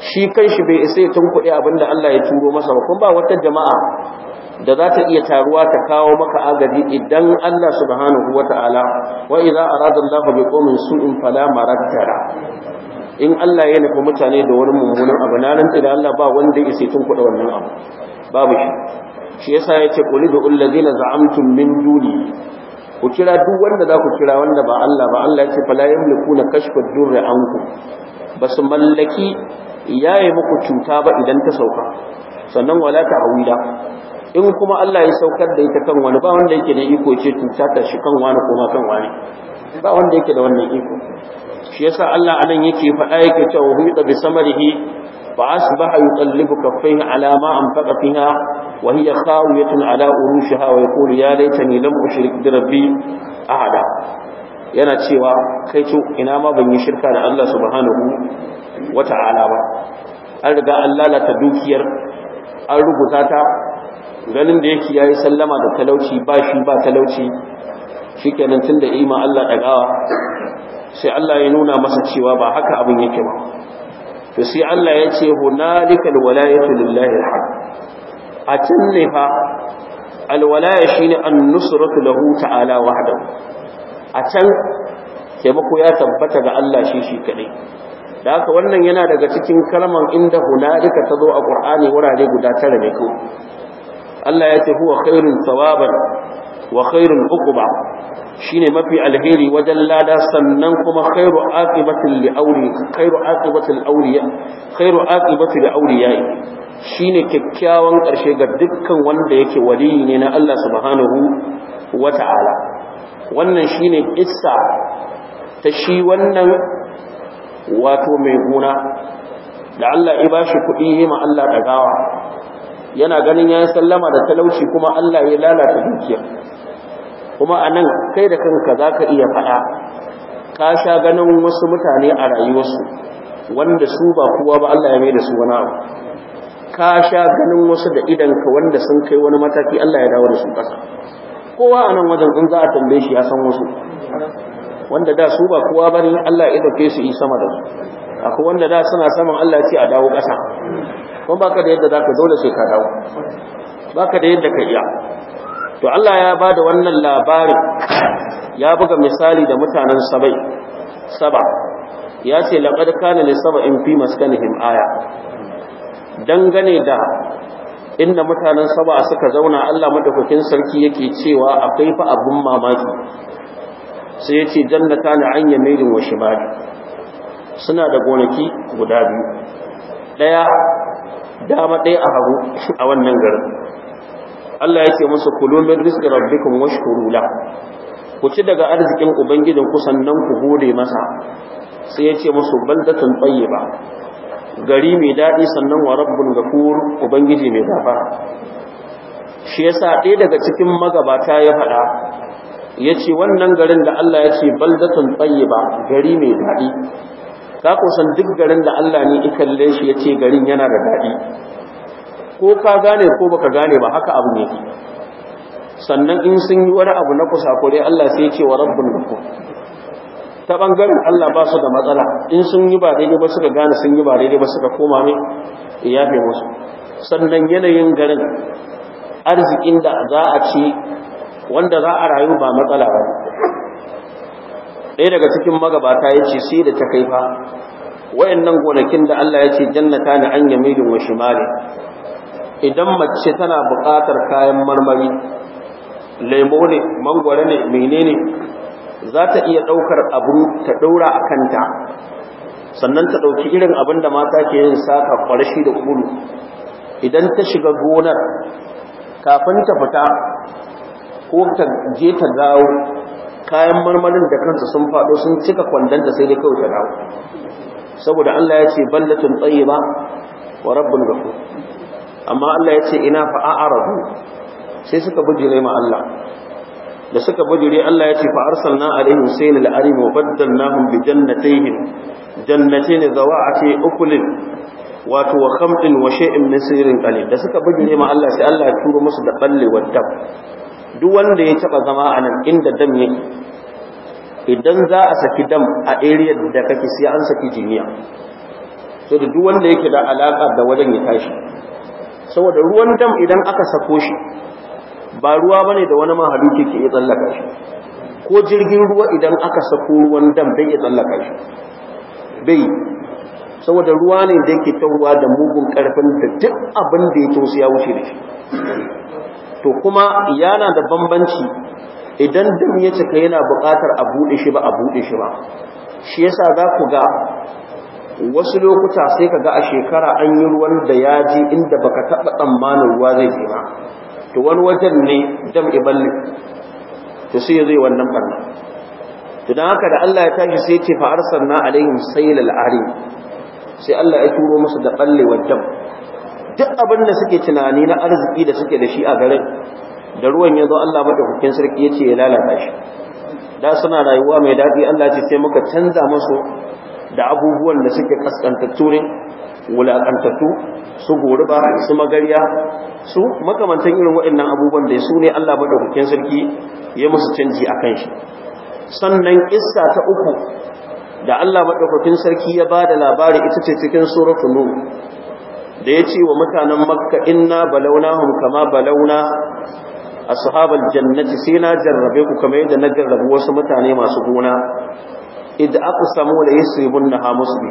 shi kanshi bai isa ya tunkuɗe abin da Allah ya turo masa ba kuma ba wata jama'a da za ta iya taruwa ta kawo maka agaji idan Allah subhanahu wa ta'ala wa idza arada Allah bi qawmin su'in fala maraddara in Allah ya nufi mutane da wani mummunan abu na nan da Allah ba wanda ya tun kuɗa wannan abu babu shi shi yasa yace qul bi alladhina za'amtum min duni ku kira duk wanda za ku kira wanda ba Allah ba Allah ya yace fala yamlikuna kashfa durri Ba su mallaki yaye muku cuta ba idan ta sauka sannan wala ta hawila in kuma Allah ya saukar da ita kan wani ba wanda yake da iko ce cuta ta shi kan wani kuma kan wani ba wanda yake da wannan iko shi yasa Allah anan yake faɗa yake cewa huwa bi samarihi fa asbaha yuqallibu kaffayhi ala ma anfaqa fiha wa hiya khawiyatun ala urushiha wa yaqulu ya laitani lam ushrik bi rabbi ahada yana cewa kai to ina ma ban yi shirka da Allah subhanahu wata'ala ba an riga an lalata dukiyar an rubuta ta ganin da yake yayi sallama da talauci ba shi ba talauci shikenan tunda ima Allah dagawa sai Allah ya nuna masa cewa ba haka abin yake ba to sai Allah ya ce hunalikal walayatu lillahi alhaq a can ne fa alwalaya shine an-nusratu lahu ta'ala wahdahu a can taimako ya tabbata ga Allah shi shi kaɗai da haka wannan yana daga cikin kalman inda hunalika ta zo a ƙur'ani wurare guda tara ne ko Allah ya ce huwa khairun sawaban wa khairun uquba shine mafi alheri wajen lada sannan kuma khairu aqibatin li auri khairu aqibatin awliya khairu aqibatin shine kyakkyawan karshe ga dukkan wanda yake waliyi ne na Allah subhanahu wata'ala wannan shi ne ƙisa ta shi wannan wato mai gona da Allah ya ba shi kuɗi ma Allah dagawa yana ganin ya sallama da talauci kuma Allah ya lalata dukiya kuma a nan kai da kanka za ka iya faɗa ka sha ganin wasu mutane a rayuwarsu wanda su ba kowa ba Allah ya mai da su wani abu ka sha ganin wasu da idanka wanda sun kai wani mataki Allah ya dawo da su ƙasa kowa a nan wajen in za a tambaye shi ya san wasu wanda da su ba kowa ba ne Allah ya dauke su yi sama da su akwai wanda da suna saman Allah ce a dawo ƙasa kuma baka da yadda za ka dole sai ka dawo baka da yadda ka iya to Allah ya ba da wannan labarin ya buga misali da mutanen sabai saba ya ce laqad kana li in fi maskanihim aya dangane da inda mutanen saba suka zauna Allah madaukakin sarki yake cewa akwai fa abun mamaki sai ya ce jannata na an yamelin wa shimali suna da gonaki guda biyu ɗaya dama ɗaya a hagu a wannan garin Allah ya ce musu kulu min rizqi rabbikum washkuru la ku ci daga arzikin ubangijin ku sannan ku gode masa sai ya ce musu baldatan tayyiba gari mai daɗi sannan wa rabbun gafur ubangiji mai gaba. shi yasa ɗaya daga cikin magabata ya faɗa ya ce wannan garin da Allah ya ce baldatun ba gari mai daɗi ka kusan duk garin da Allah ne ya shi ya ce garin yana da daɗi ko ka gane ko baka gane ba haka abu ne sannan in sun yi wani abu na kusa kusakure Allah sai ya ce wa rabbun gafur ta bangaren Allah ba su da matsala in sun yi ba daidai ba suka gane sun yi ba daidai ba suka koma mai fi musu sannan yanayin garin arzikin da za a ci wanda za a rayu ba matsala ba ɗaya daga cikin magabata ya ce sai da ta kai fa wayannan gonakin da Allah ya ce jannata na an yamilin wa shimali idan mace tana buƙatar kayan marmari lemo ne mangwara ne menene za ta iya ɗaukar abu ta ɗaura a kanta sannan ta ɗauki irin abin da mata ke yin saka farashi da ƙulu idan ta shiga gonar kafin ta fita ko ta je ta dawo kayan marmarin da kansu sun faɗo sun cika kwandon da sai dai kawai ta dawo saboda Allah ya ce ballatun ba wa rabbin ghafur amma Allah ya ce ina fa rabu sai suka bujire ma Allah da suka bujure Allah ya ce fa arsalna alaihim sayl al-arim wa baddalnahum bi jannatayhim jannatayn zawa'ati ukulin wato wa khamtin wa shay'in min sirrin qalil da suka bujure ma Allah sai Allah ya turo musu da balle wa dab duk wanda ya taba zama a nan inda dam yake idan za a saki dam a area da kake sai an saki jiniya so da duk wanda yake da alaka da wajen ya tashi saboda ruwan dam idan aka sako shi ba ruwa ne da wani mahaluki ke iya tsallaka shi ko jirgin ruwa idan aka sako ruwan dam bai iya tsallaka shi bai saboda ruwa ne da yake tawowa da mugun karfin da duk abin da ya tosi ya wuce da shi to kuma yana da bambanci idan dam ya cika yana buƙatar a buɗe shi ba a buɗe shi ba shi yasa za ku ga wasu lokuta sai ka ga a shekara an yi ruwan da ya je inda baka taɓa tsammanin ruwa zai ke ba to wani wajen ne jam'i balli to sai zai wannan barna to don haka da Allah ya tashi sai ce fa arsalna alaihim saylal arim sai Allah ya turo musu da balle wajen duk abin da suke tunani na arziki da suke da shi a garin da ruwan ya zo Allah madaukakin sarki ya ce ya lalata shi da suna rayuwa mai daɗi Allah ce sai muka canza musu da abubuwan da suke kaskantattu ne wulaƙantattu su goriba su magariya su makamantan irin waɗannan abubuwan da su ne Allah hukin sarki ya musu canji a kan shi sannan ƙissa ta uku da Allah hukin sarki ya ba da labari ita ce cikin suratu nu da ya ce wa mutanen makka inna balaunahum kama balauna ashabal jannati sai na jarrabe ku kamar yadda na jarrabu wasu mutane masu gona idda aqsamu la yusribunha musu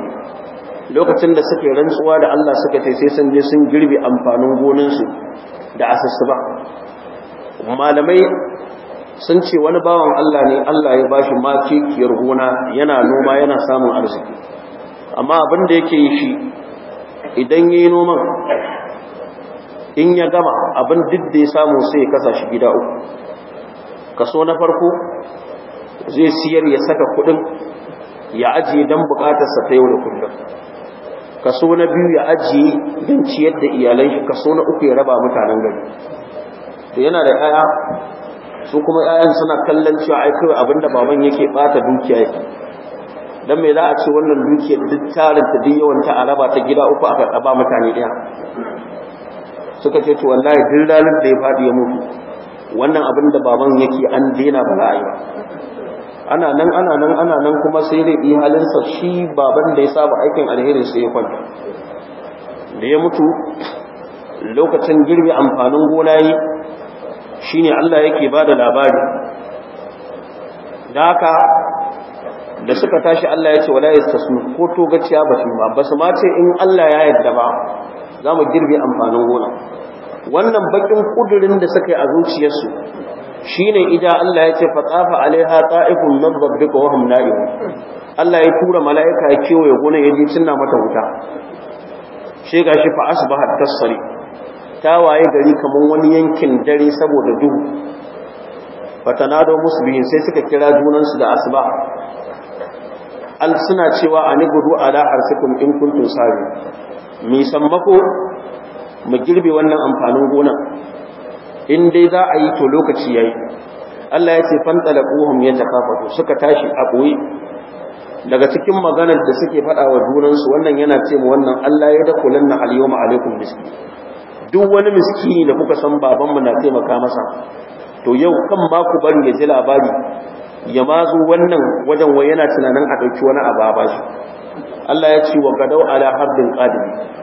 lokacin da suke rantsuwa da Allah suka ce sai sun je sun girbe amfanin goninsu da ba malamai sun ce wani bawan Allah ne Allah ya bashi makikiyar gona yana noma yana samun arziki amma abin da yake yi shi idan yayi noman in ya gama abin duk da ya samu sai ya kasa shi gida uku kaso na farko zai siyar ya saka kuɗin. ya ajiye don bukatarsa ta yau da kullum kaso na biyu ya ajiye don ciyar da iyalan kaso na uku ya raba mutanen gari to yana da 'ya'ya, su kuma 'ya'yan suna kallon cewa ai kawai abinda baban yake bata dukiya yake dan me za a ce wannan dukiyar duk tarin ta duk yawan ta araba ta gida uku aka raba mutane ɗaya suka ce to wallahi duk ranar da ya faɗi ya mutu wannan abin da baban yake an daina ba a yi ba ana nan ana nan ana nan kuma sai dai yi halinsa shi baban da ya saba aikin alherin sai ya kwanta da ya mutu lokacin girbe amfanin gona yi shine Allah yake ba da labari da haka da suka tashi Allah ya ce wala yastasnu ko to gaciya ba su ba basu ma ce in Allah ya yarda ba za mu girbe amfanin gona wannan bakin kudurin da suka yi a zuciyarsu shine idan Allah ya ce fatsafa alaiha ta'ifun min rabbika wa hum na'im Allah ya tura mala'ika ya kewaye gonar ya ji cinna mata wuta shi gashi fa asbaha tasri ta waye gari kaman wani yankin dare saboda duhu fatanado musbihin sai suka kira junansu da asba al suna cewa ani gudu ala harsikum in kuntum sabi mi sammako mu girbe wannan amfanin gonan in dai za a yi to lokaci yayi Allah ya ce fantala quhum kafato suka tashi a koyi daga cikin maganar da suke faɗa wa junansu wannan yana ce mu wannan Allah ya dakulanna na yawma alaikum miski duk wani miskini da kuka san babanmu na taimaka masa to yau kan ba ku bari ya ji labari ya mazo wannan wajen wa yana tunanin a ɗauki wani ababa a Allah ya ce wa gadau ala harbin qadim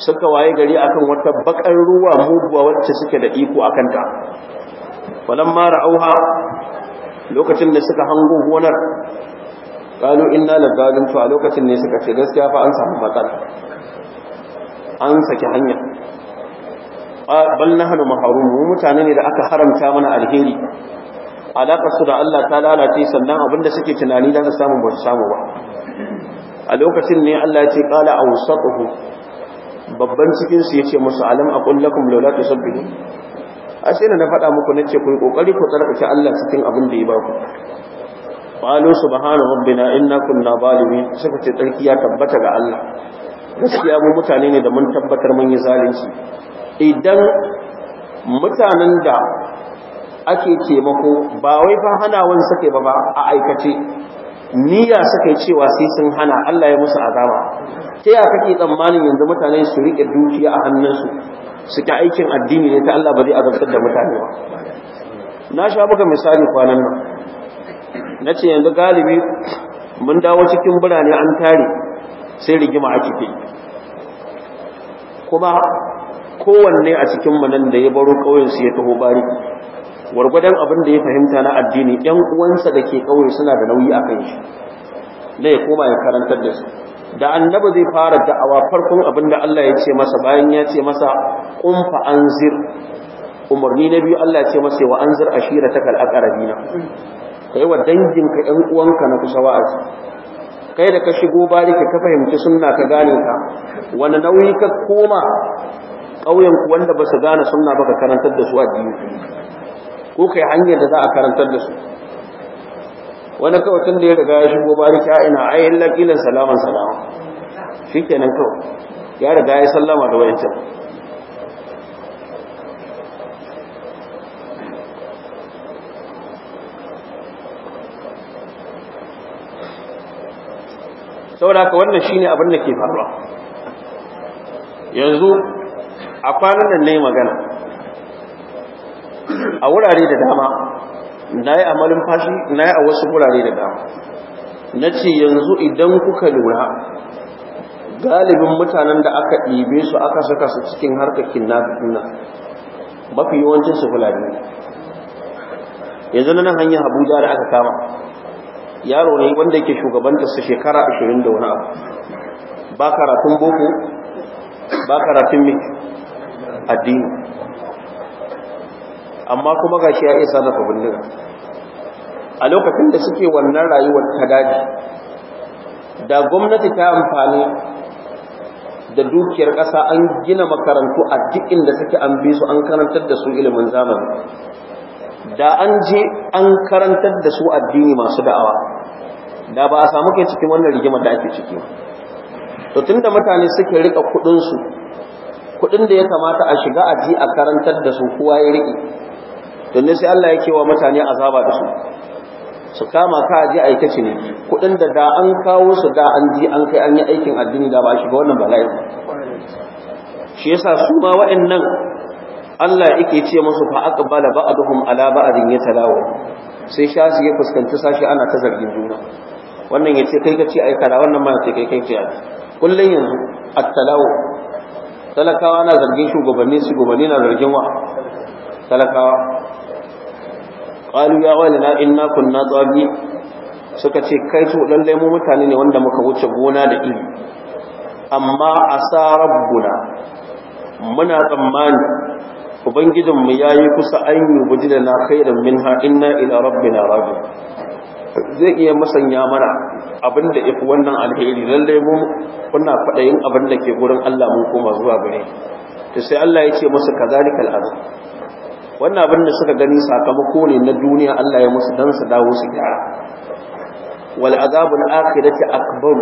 suka waye gari akan wata bakar ruwa muguwa wacce suke da iko akan ta mara ra'auha lokacin da suka hango gonar qalu inna lagalun fa lokacin ne suka ce gaskiya fa an samu matsala an saki hanya bal nahnu mahrum mu mutane ne da aka haramta mana alheri alaka su da Allah ta lalace sannan abinda suke tunani da su samu ba su samu ba a lokacin ne Allah ya ce qala awsatuhu babban cikin su yace musu alam aqul lakum la tusabbihu A sai na faɗa muku nace ku kokari ku tsarkake Allah cikin abin da ya ba ku qalu subhana rabbina inna kunna zalimin suka ce tsarki ya tabbata ga Allah gaskiya mu mutane ne da mun tabbatar mun yi zalunci idan mutanen da ake taimako ba wai fa hanawan sake ba ba a aikace Niya suka yi cewa sai sun hana Allah ya musu azaba ta ya kake tsammanin yanzu mutane su riƙe dukiya a hannunsu su ta aikin addini ne ta Allah ba zai azabtar da mutane ba na sha maka misali kwanan nan na ce yanzu galibi mun dawo cikin birane an tare sai rigima a cikin kuma kowanne a cikin manan da ya baro su ya taho bari wargwadon abin da ya fahimta na addini yan uwansa da ke kauye suna da nauyi a kan shi da ya koma ya karantar da su da annabi zai fara da'awa farkon abin da Allah ya ce masa bayan ya ce masa qum anzir umarni na biyu Allah ya ce masa wa anzir a al-aqrabina kai wa ka yan uwanka na kusa wa'azi kai da ka shigo bariki ka fahimci sunna ka gane ka wani nauyi ka koma ƙauyen wanda ba su gane sunna ba ka karantar da su addini ko kai hanyar da za a karantar da su wani kawai tun da ya riga ya shigo bari ta ina ayin laƙilin salaman salama shi kenan kawai ya riga ya sallama da Sau saboda haka wannan shine abin da ke faruwa yanzu a kwanan nan ne magana a wurare da dama na yi amalin fashi na yi a wasu wurare da dama na ce yanzu idan kuka lura galibin mutanen da aka ɗibe su aka saka su cikin fi kidnapping nan mafi yawancin su fulani yanzu na nan hanyar abuja da aka kama yaro ne wanda yake shugabanta su shekara ashirin da wani abu ba karatun boko ba karatun mai addini amma kuma ga shi ya isa sarrafa bindiga a lokacin da suke wannan rayuwar ta daji da gwamnati ta amfani da dukiyar ƙasa an gina makarantu a duk inda suke an bi su an karantar da su ilimin zamani da an je an karantar da su addini masu da'awa da ba a samu kai cikin wannan rigimar da ake ciki to tunda mutane suke rika kuɗinsu kuɗin da ya kamata a shiga aji a karantar da su kowa ya riƙe don sai Allah yake wa mutane azaba da su su kama ka ji a aikace ne kuɗin da da an kawo su da an ji an kai an yi aikin addini da ba shi ga wannan bala'i shi yasa su ma wa'annan Allah yake ce musu fa aqbala ba'dhum ala ba'din yatalawu sai sha su ya fuskanci sashi ana ta zargin juna wannan yace kai kace ai kada wannan ma yace kai kai ce kullun yanzu at-talawu talakawa na zargin shugabanni shugabanni na zargin wa talakawa qalu ya walana inna kunna tsabi suka ce kai to lallai mu mutane ne wanda muka wuce gona da iri amma asa rabbuna muna tsammani ubangijin mu yayi kusa an yubuji da na khairan minha inna ila rabbina raji zai iya masanya mana abin da ifi wannan alheri lallai mu kuna yin abin da ke gurin Allah mun koma zuwa gare Ta sai Allah ya ce musu kazalikal azab wannan abin da suka gani sakamako ne na duniya Allah ya musu dan su dawo su gyara wal azabul akhirati akbar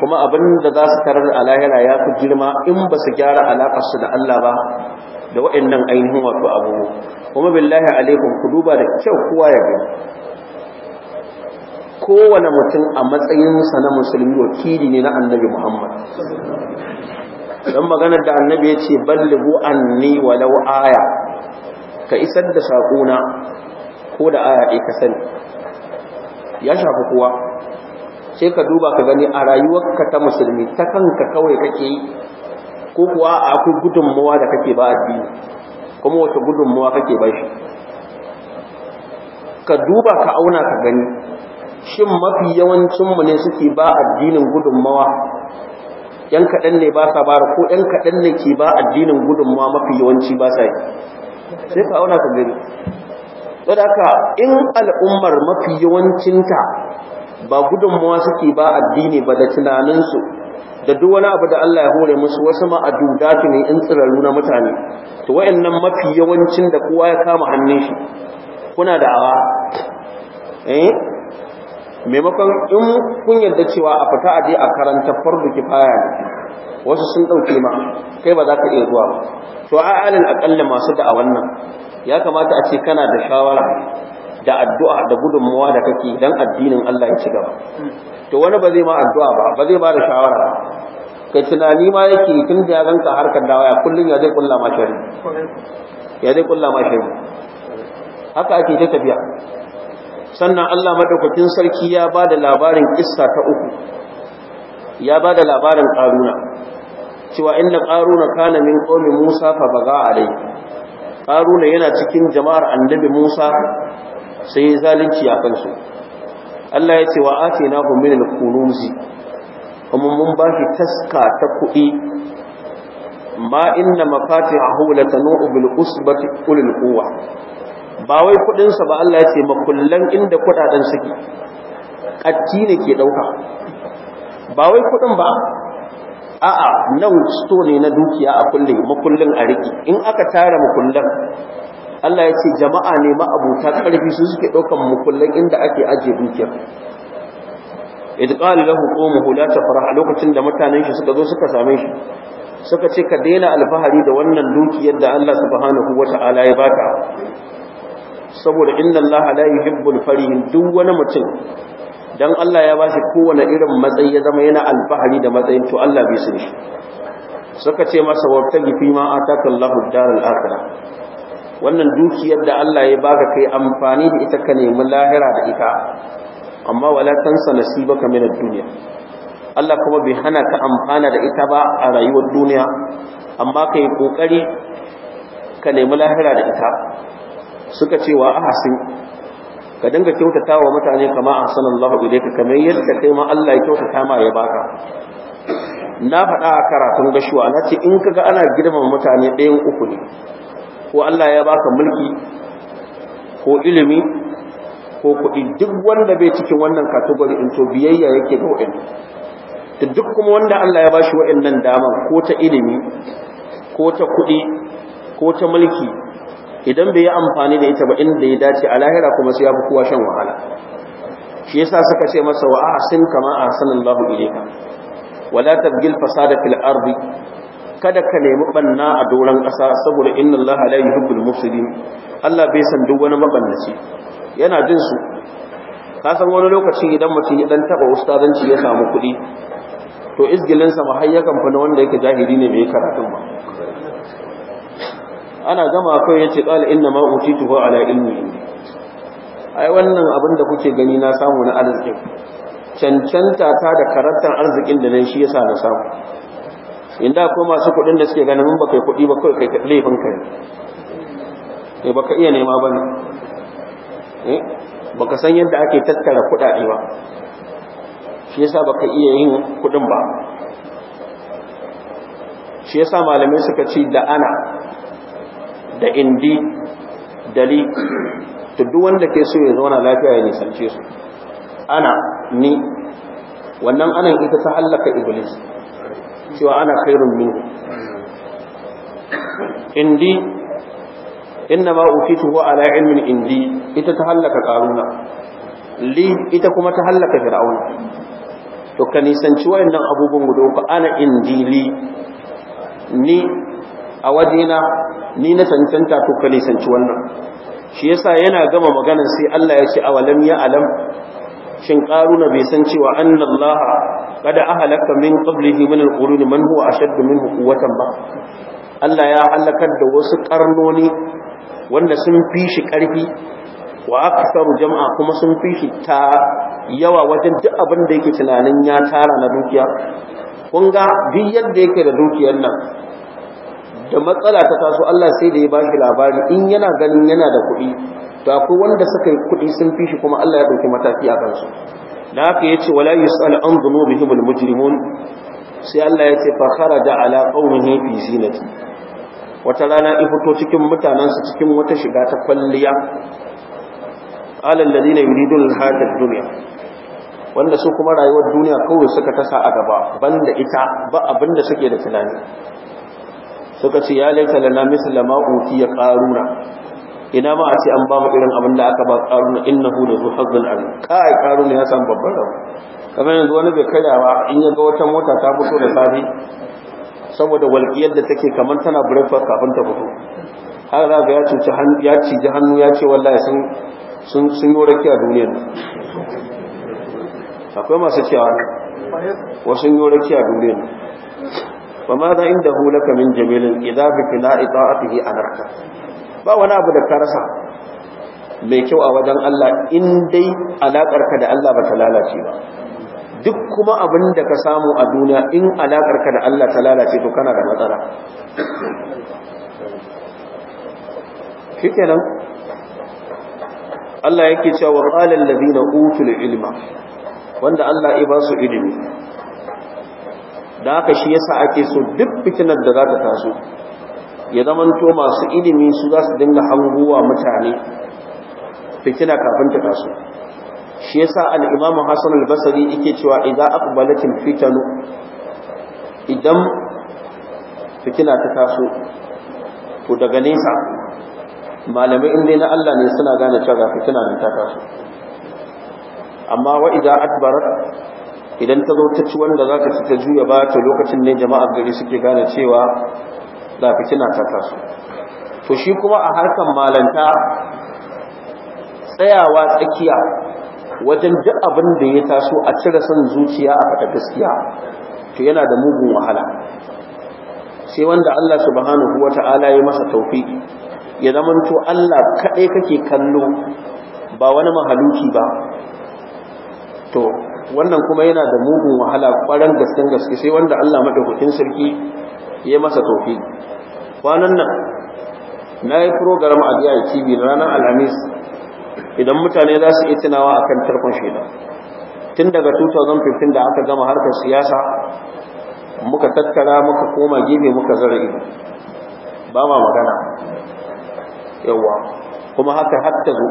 kuma abin da za su tarar a lahira ya fi girma in ba su gyara alaƙar su da Allah ba da waɗannan ainihin wato abu kuma billahi alaikum ku duba da kyau kowa ya gani kowane mutum a matsayinsa na musulmi wakili ne na annabi Muhammad don maganar da annabi ya ce ballibu anni walau aya ka isar da saƙona ko da aya ɗaya ka sani ya shafi kowa sai ka duba ka gani a rayuwarka ta musulmi ta kanka kawai kake yi ko kuwa akwai gudunmuwa da kake ba addini kuma wata gudunmuwa kake ba shi ka duba ka auna ka gani shin mafi yawancinmu ne suke ba addinin gudunmawa yan kaɗan ne ba sa bara ko yan kaɗan ne ke ba addinin gudunmawa mafi yawanci ba sa yi sai ka auna ka gari. don haka in al'ummar mafi yawancinta ba gudunmawa suke ba addini ba da tunaninsu da duk wani abu da Allah ya hore musu wasu ma su ne in tsirarru na mutane to wayannan mafi yawancin da kowa ya kama hannun shi kuna da awa eh maimakon in kun yarda cewa a fita a je a karanta fardu faya wasu sun ɗauke ma kai ba za ka iya zuwa ba to a alal aƙalla masu da a wannan ya kamata a ce kana da shawara da addu'a da gudummawa da kake dan addinin Allah ya ci gaba to wani ba zai ma addu'a ba ba zai ba da shawara ba kai tunani ma yake tun da ya ganka harkar dawaya kullun ya zai kulla ma shari ya zai kulla ma shari haka ake ta tafiya sannan Allah madaukakin sarki ya ba da labarin kissa ta uku ya ba da labarin karuna cewa inna qaruna kana min qaumi musa fa a alai karuna yana cikin jama'ar annabi musa sai zalunci a kansu Allah ya ce wa na min al-kunuzi kuma mun ba shi taska ta kuɗi ma inna mafatihahu latanu'u bil usbati ulil quwwa ba wai kuɗinsa ba Allah ya ce makullan inda kuɗaɗen suke ƙatti ne ke ɗauka ba wai kuɗin ba a'a nan so ne na dukiya a kullum makullin a riki in aka tara makullin Allah ya ce jama'a ne ma'abuta karfi su suke ɗaukan makullin inda ake ajiye dukiyar idan qala hula ta la a lokacin da mutanen shi suka zo suka same shi suka ce ka daina alfahari da wannan dukiyar da Allah subhanahu wata'ala ya baka saboda inna Allah la yuhibbul farihin duk wani mutum dan Allah ya bashi kowane irin matsayi ya zama yana alfahari da matsayin to Allah bai san shi suka ce masa wabtagi gifi ma takan Allahu daral akhirah wannan dukiyar da Allah ya baka kai amfani da ita ka nemi lahira da ita amma wala tansa nasibaka min ad Allah kuma bai hana ka amfana da ita ba a rayuwar duniya amma kai kokari ka nemi lahira da ita suka ce wa ahasin. ka dinga kyautata wa mutane kama a ahsanallahu ka kamar yadda kai ma Allah ya kyautata ma ya baka na faɗa a karatun gashuwa na ce in kaga ana girmama mutane ɗayan uku ne ko Allah ya baka mulki ko ilimi ko kuɗi duk wanda bai cikin wannan kategori in to biyayya yake ga wa'in da duk kuma wanda Allah ya bashi nan damar, ko ta ilimi ko ta kuɗi ko ta mulki idan bai yi amfani da ita ba inda ya dace a lahira kuma sai ya fi kowa shan wahala shi yasa suka ce masa wa ahsin kama ahsanallahu ilayka wala tabgil fasada fil ardi kada ka nemi banna a doron ƙasa saboda inna Allah la yuhibbul mufsidin Allah bai san duk wani mabannaci yana jin su ka san wani lokaci idan mutum ya dan taba ustazanci ya samu kuɗi to izgilinsa ma har yakan fa na wanda yake jahili ne bai karatu ba ana gama kawai yace ƙala inna ma utituhu ala ilmi ai wannan abin da kuke gani na samu na arziki cancanta ta da karantar arzikin da nan shi yasa na samu inda ko masu kuɗin da suke ganin mun ba kai kuɗi ba kawai kai laifin kai eh baka iya nema ne eh, ba baka san yadda ake tattara kuɗaɗe ba shi yasa baka iya yin kuɗin ba shi yasa malamai suka ci da ana da indi dali to duk wanda ke so ya zauna lafiya ya nisance su ana ni wannan anan ita ta hallaka iblis cewa ana khairun min indi inna ma wa ala ilmin indi ita ta hallaka karuna li ita kuma ta hallaka fir'auna to ka nisanci wayannan abubuwan guda uku ana indili ni a waje na, ni na cancanta to ka nisanci wannan shi yasa yana gama maganar sai Allah ya ce awalam ya alam shin na bai san cewa annallaha kada ahalaka min qablihi min alqurun man huwa ashaddu minhu quwwatan ba Allah ya halakar da wasu karnoni wanda sun fi shi karfi wa aktsaru jama'a kuma sun fi shi ta yawa wajen duk abin da yake tunanin ya tara na dukiya kun ga duk yadda yake da dukiyar nan da matsala ta taso Allah sai da ya bashi labari in yana ganin yana da kuɗi to akwai wanda suka yi kuɗi sun fi shi kuma Allah ya ɗauki mataki a kansu da haka ce wala yus'al an dhunubihim al-mujrimun sai Allah ya ce fa kharaja ala qaumihi fi zinati wata rana in fito cikin mutanansa cikin wata shiga ta kwalliya alal ladina yuridun hayatad dunya wanda su kuma rayuwar duniya kawai suka tasa a gaba banda ita ba abinda suke da tunani suka ce ya laita lana misla ma utiya qaruna ina ma a ce an ba mu irin abin da aka ba qaruna innahu la zu hazzun azim kai qaruna ya san babban rabu kamar yanzu wani bai karya ba in ya ga wata mota ta fito da safi saboda walƙiyar da take kamar tana breakfast kafin ta fito har za ga ya cuci ya ciji hannu ya ce wallahi sun sun sun yi rakiya duniyar akwai masu cewa wasu yi rakiya duniyar wa ma za inda hu laka min jamilin idza anarka ba wani abu da ka rasa mai kyau a wajen Allah in dai alaƙarka da Allah ba ta lalace ba duk kuma abin da ka samu a duniya in alaƙarka da Allah ta lalace to kana da matsala shikenan Allah yake cewa qala na utul ilma wanda Allah ya ba su ilimi da haka shi yasa ake so duk fitinar da za ta taso ya zamanto masu ilimi su za su dinga hanguwa mutane fitina kafin ta taso shi yasa al-imamu hasan al yake cewa idan aqbalatin fitanu idan fitina ta taso to daga nesa malamai inda na Allah ne suna gane cewa fitina ne ta taso amma wa idza adbarat idan ta zo ta ci wanda za ka ci ta juya ba ta lokacin ne jama'ar gari suke gane cewa da fitina ta taso to shi kuma a harkan malanta tsayawa tsakiya wajen duk abin da ya taso a cire son zuciya a faɗa gaskiya to yana da mugun wahala sai wanda Allah subhanahu Ta'ala ya masa taufi ya zamanto Allah kaɗai kake kallo ba wani mahaluki ba to wannan kuma yana da mugun wahala kwaran gasken gaske sai wanda Allah madaukakin sarki ya masa tofi kwanan nan na yi program a biya TV ranar Alhamis idan mutane za su yi tunawa akan tarkon shaida tun daga 2015 da aka gama harkar siyasa muka tattara muka koma gefe muka zara ido ba ma magana yawa kuma haka har ta zo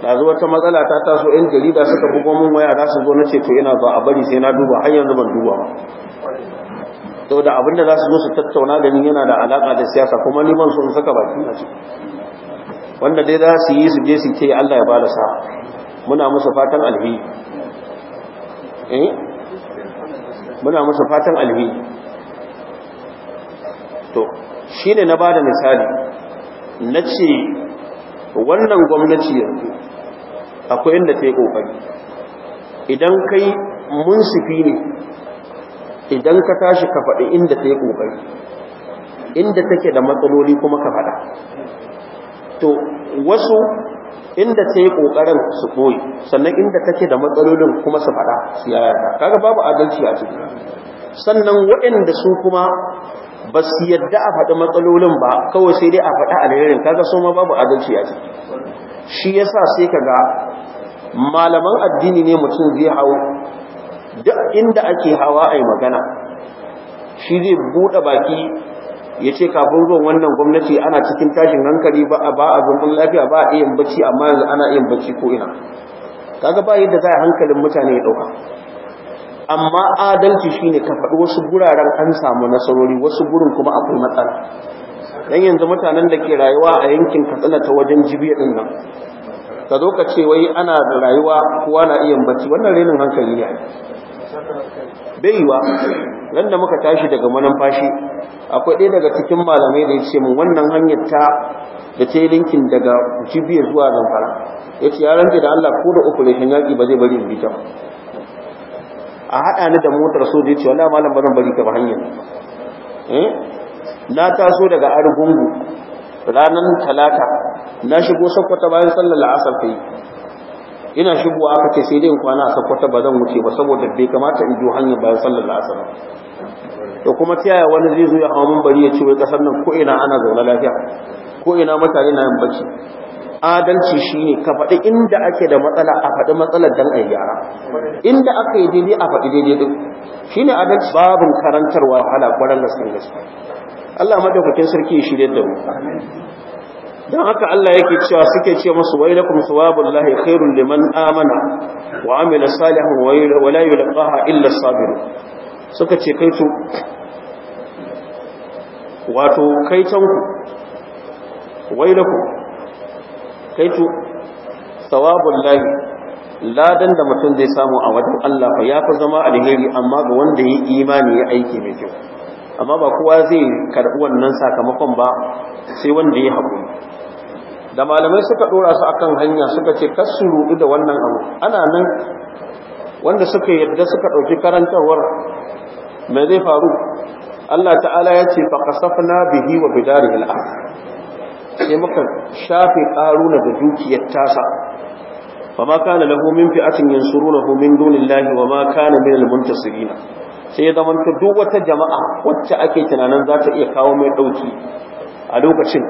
zuwa ta matsala ta taso yan jarida suka bugo min waya za su zo na ce to ina ba a bari sai na duba har yanzu ban duba ba To da abin da za su zo su tattauna da ni yana da alaƙa da siyasa kuma ni ban so in saka baki a ce. wanda dai za su yi su je su ce Allah ya bada sa muna musu fatan alheri eh muna musu fatan alheri to shine na bada misali na ce wannan gwamnati yanzu akwai inda ta yi ƙoƙari idan kai munsifi ne idan ka tashi ka faɗi inda ta yi ƙoƙari inda take da matsaloli kuma ka faɗa to wasu inda ta yi ƙoƙarin su ɓoye sannan inda take da matsalolin kuma su faɗa su yayata kaga babu adalci a ciki sannan waɗanda su kuma ba su yadda a faɗi matsalolin ba kawai sai dai a faɗi alherin kaga su ma babu adalci a ciki shi ya sa sai kaga malaman addini ne mutum zai hau duk inda ake hawa a yi magana shi zai buɗe baki ya ce kafin zuwan wannan gwamnati ana cikin tashin hankali ba a abin lafiya ba a iya bacci amma yanzu ana iya bacci ko ina kaga ba yadda za a hankalin mutane ya ɗauka? amma adalci shine ka faɗi wasu guraren an samu nasarori wasu gurin kuma akwai matsala dan yanzu mutanen da ke rayuwa a yankin katsina ta wajen jibiya din nan ka zo ka ce wai ana da rayuwa kowa na iya bacci wannan renin hankali ne bai yiwa nan da muka tashi daga manumfashi akwai ɗaya daga cikin malamai da ya ce min wannan hanyar ta da ta yi linkin daga jibiya zuwa zamfara ya ce ya rantse da allah ko da operation yaƙi ba zai bari in bita? a haɗa ni da motar soja ya ce wala malam ba bari ka ba hanyar eh? na taso daga argungu ranar talata na shigo sakwata bayan sallar la'asar kai ina shigo aka ce sai dai in kwana a sakwata ba zan wuce ba saboda bai kamata in ji hanyar bayan sallar la'asar da kuma ta yaya wani zai zo ya hawa mun bari ya ce wai kasar nan ko ina ana zaune lafiya ko ina mutane na yin bacci adalci shine ka faɗi inda ake da matsala a faɗi matsalar dan ayi gyara inda aka yi daidai a faɗi daidai din shine adalci babin karantarwa wahala kwarar gaske gaske Allah madaukakin sarki ya shirye da mu dan haka Allah yake cewa suke ce musu wailakum thawabullahi khairul liman amana wa amila salihan wa la yulqaha illa sabir suka ce kai to wato kai tanku wailakum kai to thawabullahi ladan da mutum zai samu a wajen Allah fa yafi zama alheri amma ga wanda ya yi imani ya aiki mai kyau amma ba kowa zai karɓi wannan sakamakon ba sai wanda ya haƙuri da malamai suka ɗora su akan hanya suka ce kasu ruɗu da wannan abu ana nan wanda suka yarda suka ɗauki karantarwar mai zai faru Allah ta'ala ya ce faƙasafna bihi wa bidari al'ad sai muka shafe ƙaruna da dukiyar tasa fa ma kana lahu min fi'atin yansurunahu min dunillahi wa ma kana min al-muntasirina sai ya zama duk wata jama'a wacce ake tunanin za ta iya kawo mai ɗauki a lokacin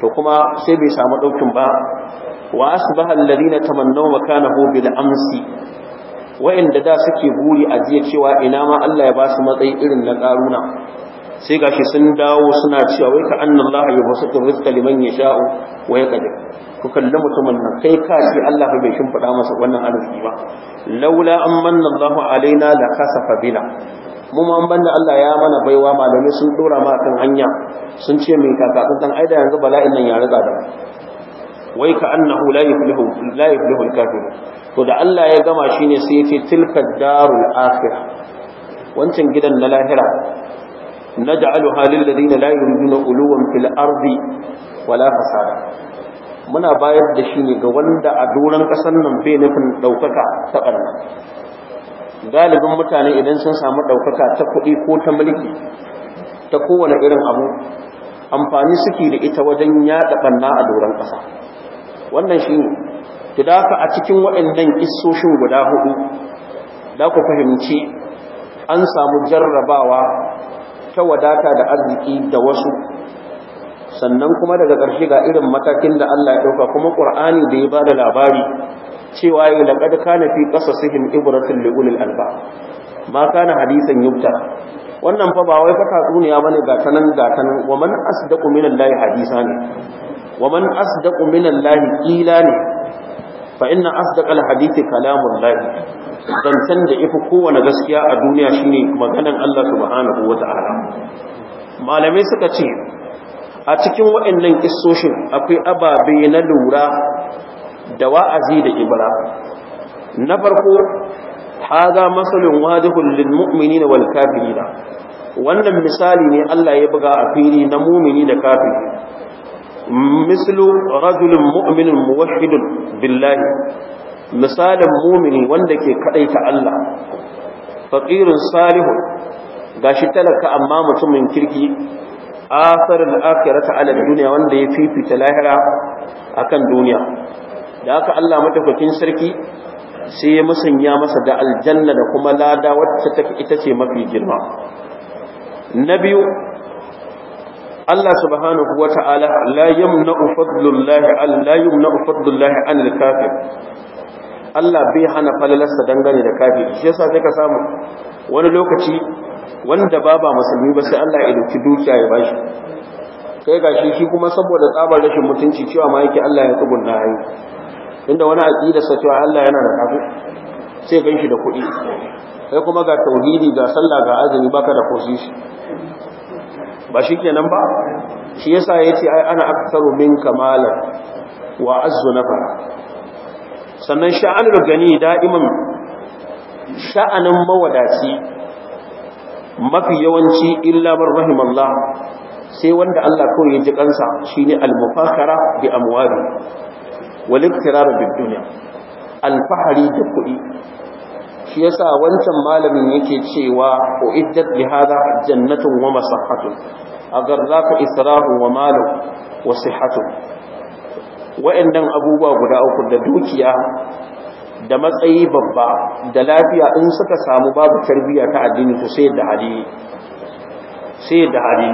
to kuma sai bai samu ɗaukin ba wa asbaha alladhina tamannaw makanahu bil amsi wa'inda da suke buri a jiya cewa ina ma Allah ya ba su matsayi irin na ƙaruna sai gashi sun dawo suna cewa wai ka anna Allah ya basata rizqa liman yasha'u wa yaqdir ku kalli mutumin nan kai ka ce Allah fa bai shimfida masa wannan arziki ba laula an manna Allah alaina la kasafa bina mu ma banda Allah ya mana baiwa malami sun dora ma kan hanya sun ce mai kaka kan aida yanzu bala'in nan ya riga da wai ka annahu la yuflihu la yuflihu al-kafir to da Allah ya gama shine sai ya ce tilka darul akhirah wancan gidan na lahira نجعلها للذين لا يريدون علوا في الارض ولا wala muna bayar da shi ne ga wanda a doron ƙasar nan bai nufin ɗaukaka ta ɓarna galibin mutane idan sun samu ɗaukaka ta kuɗi ko ta mulki ta kowane irin abu amfani suke da ita wajen yaɗa ɓanna a doron ƙasa wannan shi ne to a cikin waɗannan kissoshin guda hudu da ku fahimci an samu jarrabawa ta wadata da arziki da wasu sannan kuma daga ƙarshe ga irin matakin da Allah ya ɗauka kuma ƙur'ani da ya ba da labari cewa yau laƙad kana fi qasasihim ibratun li ulil alba ma kana hadisan yubta wannan fa ba wai fa tatsuniya bane ga tanan ga tanan wa man asdaqu minallahi hadisa ne wa man asdaqu minallahi qila ne fa inna asdaqal hadithi kalamullah zancen da ifi kowane gaskiya a duniya shine maganan Allah subhanahu wata'ala malamai suka ce a cikin waɗannan kissoshin akwai ababe na lura da wa'azi da ibra na farko haza masalun wajihun lil mu'minina wal kafirina wannan misali ne Allah ya buga a fili na mumini da kafiri mislu rajulun mu'minin muwahhidun billahi misalin mumini wanda ke ta Allah faqirin salihun gashi talaka amma mutumin kirki asarin akhirata ala duniya wanda ya fifita lahira akan duniya da haka Allah matafakin sarki sai ya musanya masa da aljanna da kuma lada wacce take ita ce mafi girma na biyu Allah subhanahu wa ta'ala la yamna'u fadlullahi an la fadlullahi an al-kafir Allah bai hana falalarsa dangane da kafi shi yasa sai ka samu wani lokaci wanda ba ba musulmi ba sai Allah ya dauki dukiya ya bashi kai ga shi kuma saboda tsabar rashin mutunci cewa ma yake Allah ya tsugunna yayi inda wani aqida sa cewa Allah yana da kafu sai gan shi da kuɗi kai kuma ga tauhidi ga sallah ga azumi baka da shi ba shi nan ba shi yasa yace ai ana aktsaru min kamala wa azzu nafara sannan sha'anar gani da'iman sha'anin mawadaci mafi yawanci illa rahimallah sai wanda Allah kawai ya ji kansa shine al-mufakara bi amwali wal iktirar bid da kuɗi shi yasa wancan malamin yake cewa uiddat li hada jannatun wa masahhatun agar zaka israhu wa malu wa sihhatu waɗannan abubuwa guda uku da dukiya da matsayi babba da lafiya in suka samu babu tarbiyya ta addini ku sai da hali sai da hali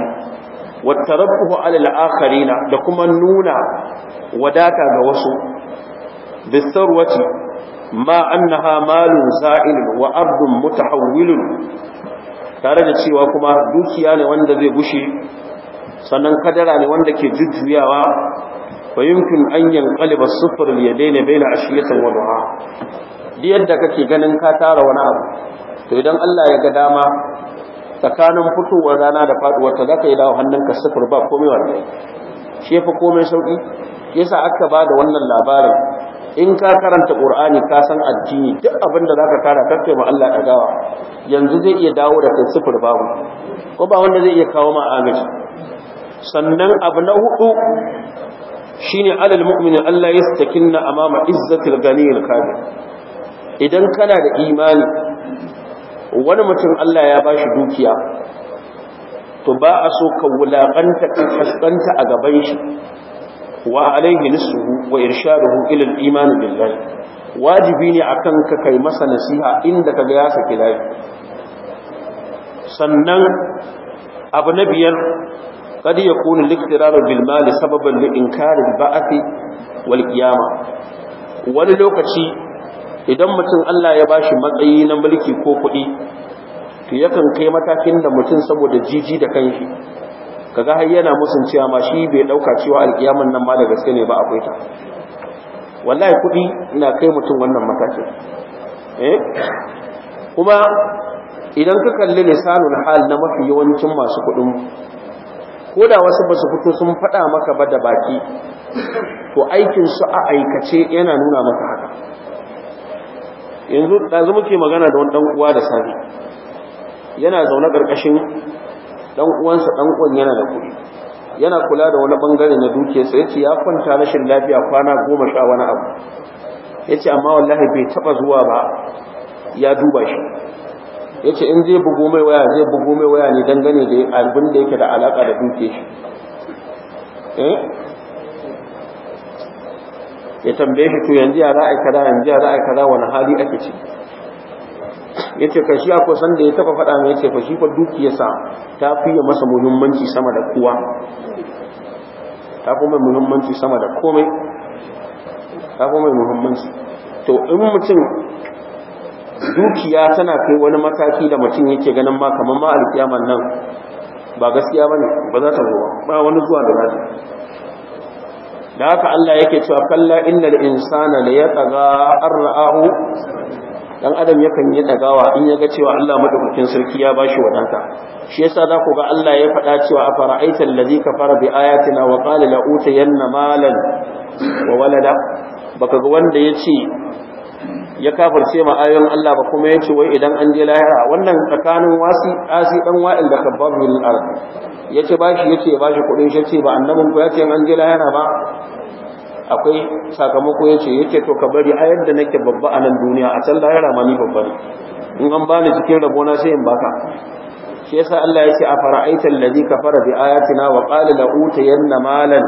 wa tarabbuhu akharina da kuma nuna wadata ga wasu bisarwati ma annaha malun za'il wa ardun mutahawwilun tare da cewa kuma dukiya ne wanda zai gushe sannan kadara ne wanda ke jujjuyawa ويمكن أن ينقلب الصفر اليدين بين عشية وضحاها دي yadda kake ganin ka tara wani abu to idan Allah ya ga dama tsakanin fitowar rana da faduwar ta zaka yi dawo hannunka sifir ba komai wallahi shi yafi komai sauki yasa aka bada wannan labarin in ka karanta qur'ani ka san addini duk abin da zaka tara kake ma Allah ya gawa yanzu zai iya dawo da kai sifir babu ko ba wanda zai iya kawo ma agaji sannan abu na hudu shine alal mu'minin Allah yastakinna amama izzatil ganiyil kafir idan kana da imani wani mutum Allah ya bashi dukiya to ba a so ka wulaƙanta ka a gaban shi wa alaihi nisruhu wa irshaduhu ila al billahi wajibi ne akan ka kai masa nasiha inda kaga ya saki lafi sannan abu na biyar قد يكون الاقترار بالمال سببا لإنكار البعث والقيامة wani lokaci idan mutum Allah ya bashi matsayi na mulki ko kuɗi to yakan kai matakin da mutum saboda jiji da kanshi kaga har yana musun cewa ma shi bai dauka cewa alkiyaman nan ma da gaske ne ba akwai ta wallahi kuɗi na kai mutum wannan matakin eh kuma idan ka kalli lisanul hal na mafi yawancin masu kuɗin ko da wasu ba su fito sun faɗa maka ba da baki to aikin su a aikace yana nuna maka haka yanzu ɗazu muke magana da wani ɗan'uwa da safe yana zaune ƙarƙashin ɗan'uwansa ɗan'uwan yana da kuɗi yana kula da wani ɓangare na duke sai ce ya kwanta rashin lafiya kwana goma sha wani abu ya ce amma wallahi bai taɓa zuwa ba ya duba shi ya ce in zai bugu mai waya zai bugu mai waya ne dangane da abin da yake da alaƙa da duke shi eh? ya tambaye shi to yanzu ya za a yanzu ya za a wani hali ake ci ya ce ka shi kusan da ya taɓa faɗa mai ce fa shi fa sa ta fiye masa muhimmanci sama da kowa ta kuma muhimmanci sama da komai ta kuma muhimmanci to in mutum dukiya tana kai wani mataki da mutum yake ganin ma kamar ma alkiyaman nan ba gaskiya bane ba za ta zuwa ba wani zuwa da zai da haka Allah yake cewa kalla innal insana la yataga arra'ahu dan adam yakan yi dagawa in ya ga cewa Allah madaukakin sarki ya bashi wadanta shi yasa za ku ga Allah ya faɗa cewa a fara'aita allazi kafara bi ayatina wa qala la utayanna malan wa walada baka ga wanda yace ya kafirce ma ayoyin Allah ba kuma ya ce wai idan an je lahira wannan tsakanin wasi asi dan wa'il da kabbab min al-ard yace bashi yace bashi kudin shi ce ba annabin ku yace an je lahira ba akwai sakamako ya yace yace to ka bari a yadda nake babba a nan duniya a can lahira ma ni babba ne in an bani cikin rabona sai in baka shi yasa Allah ya ce a fara'aita allazi kafara bi ayatina wa qala la utayanna malan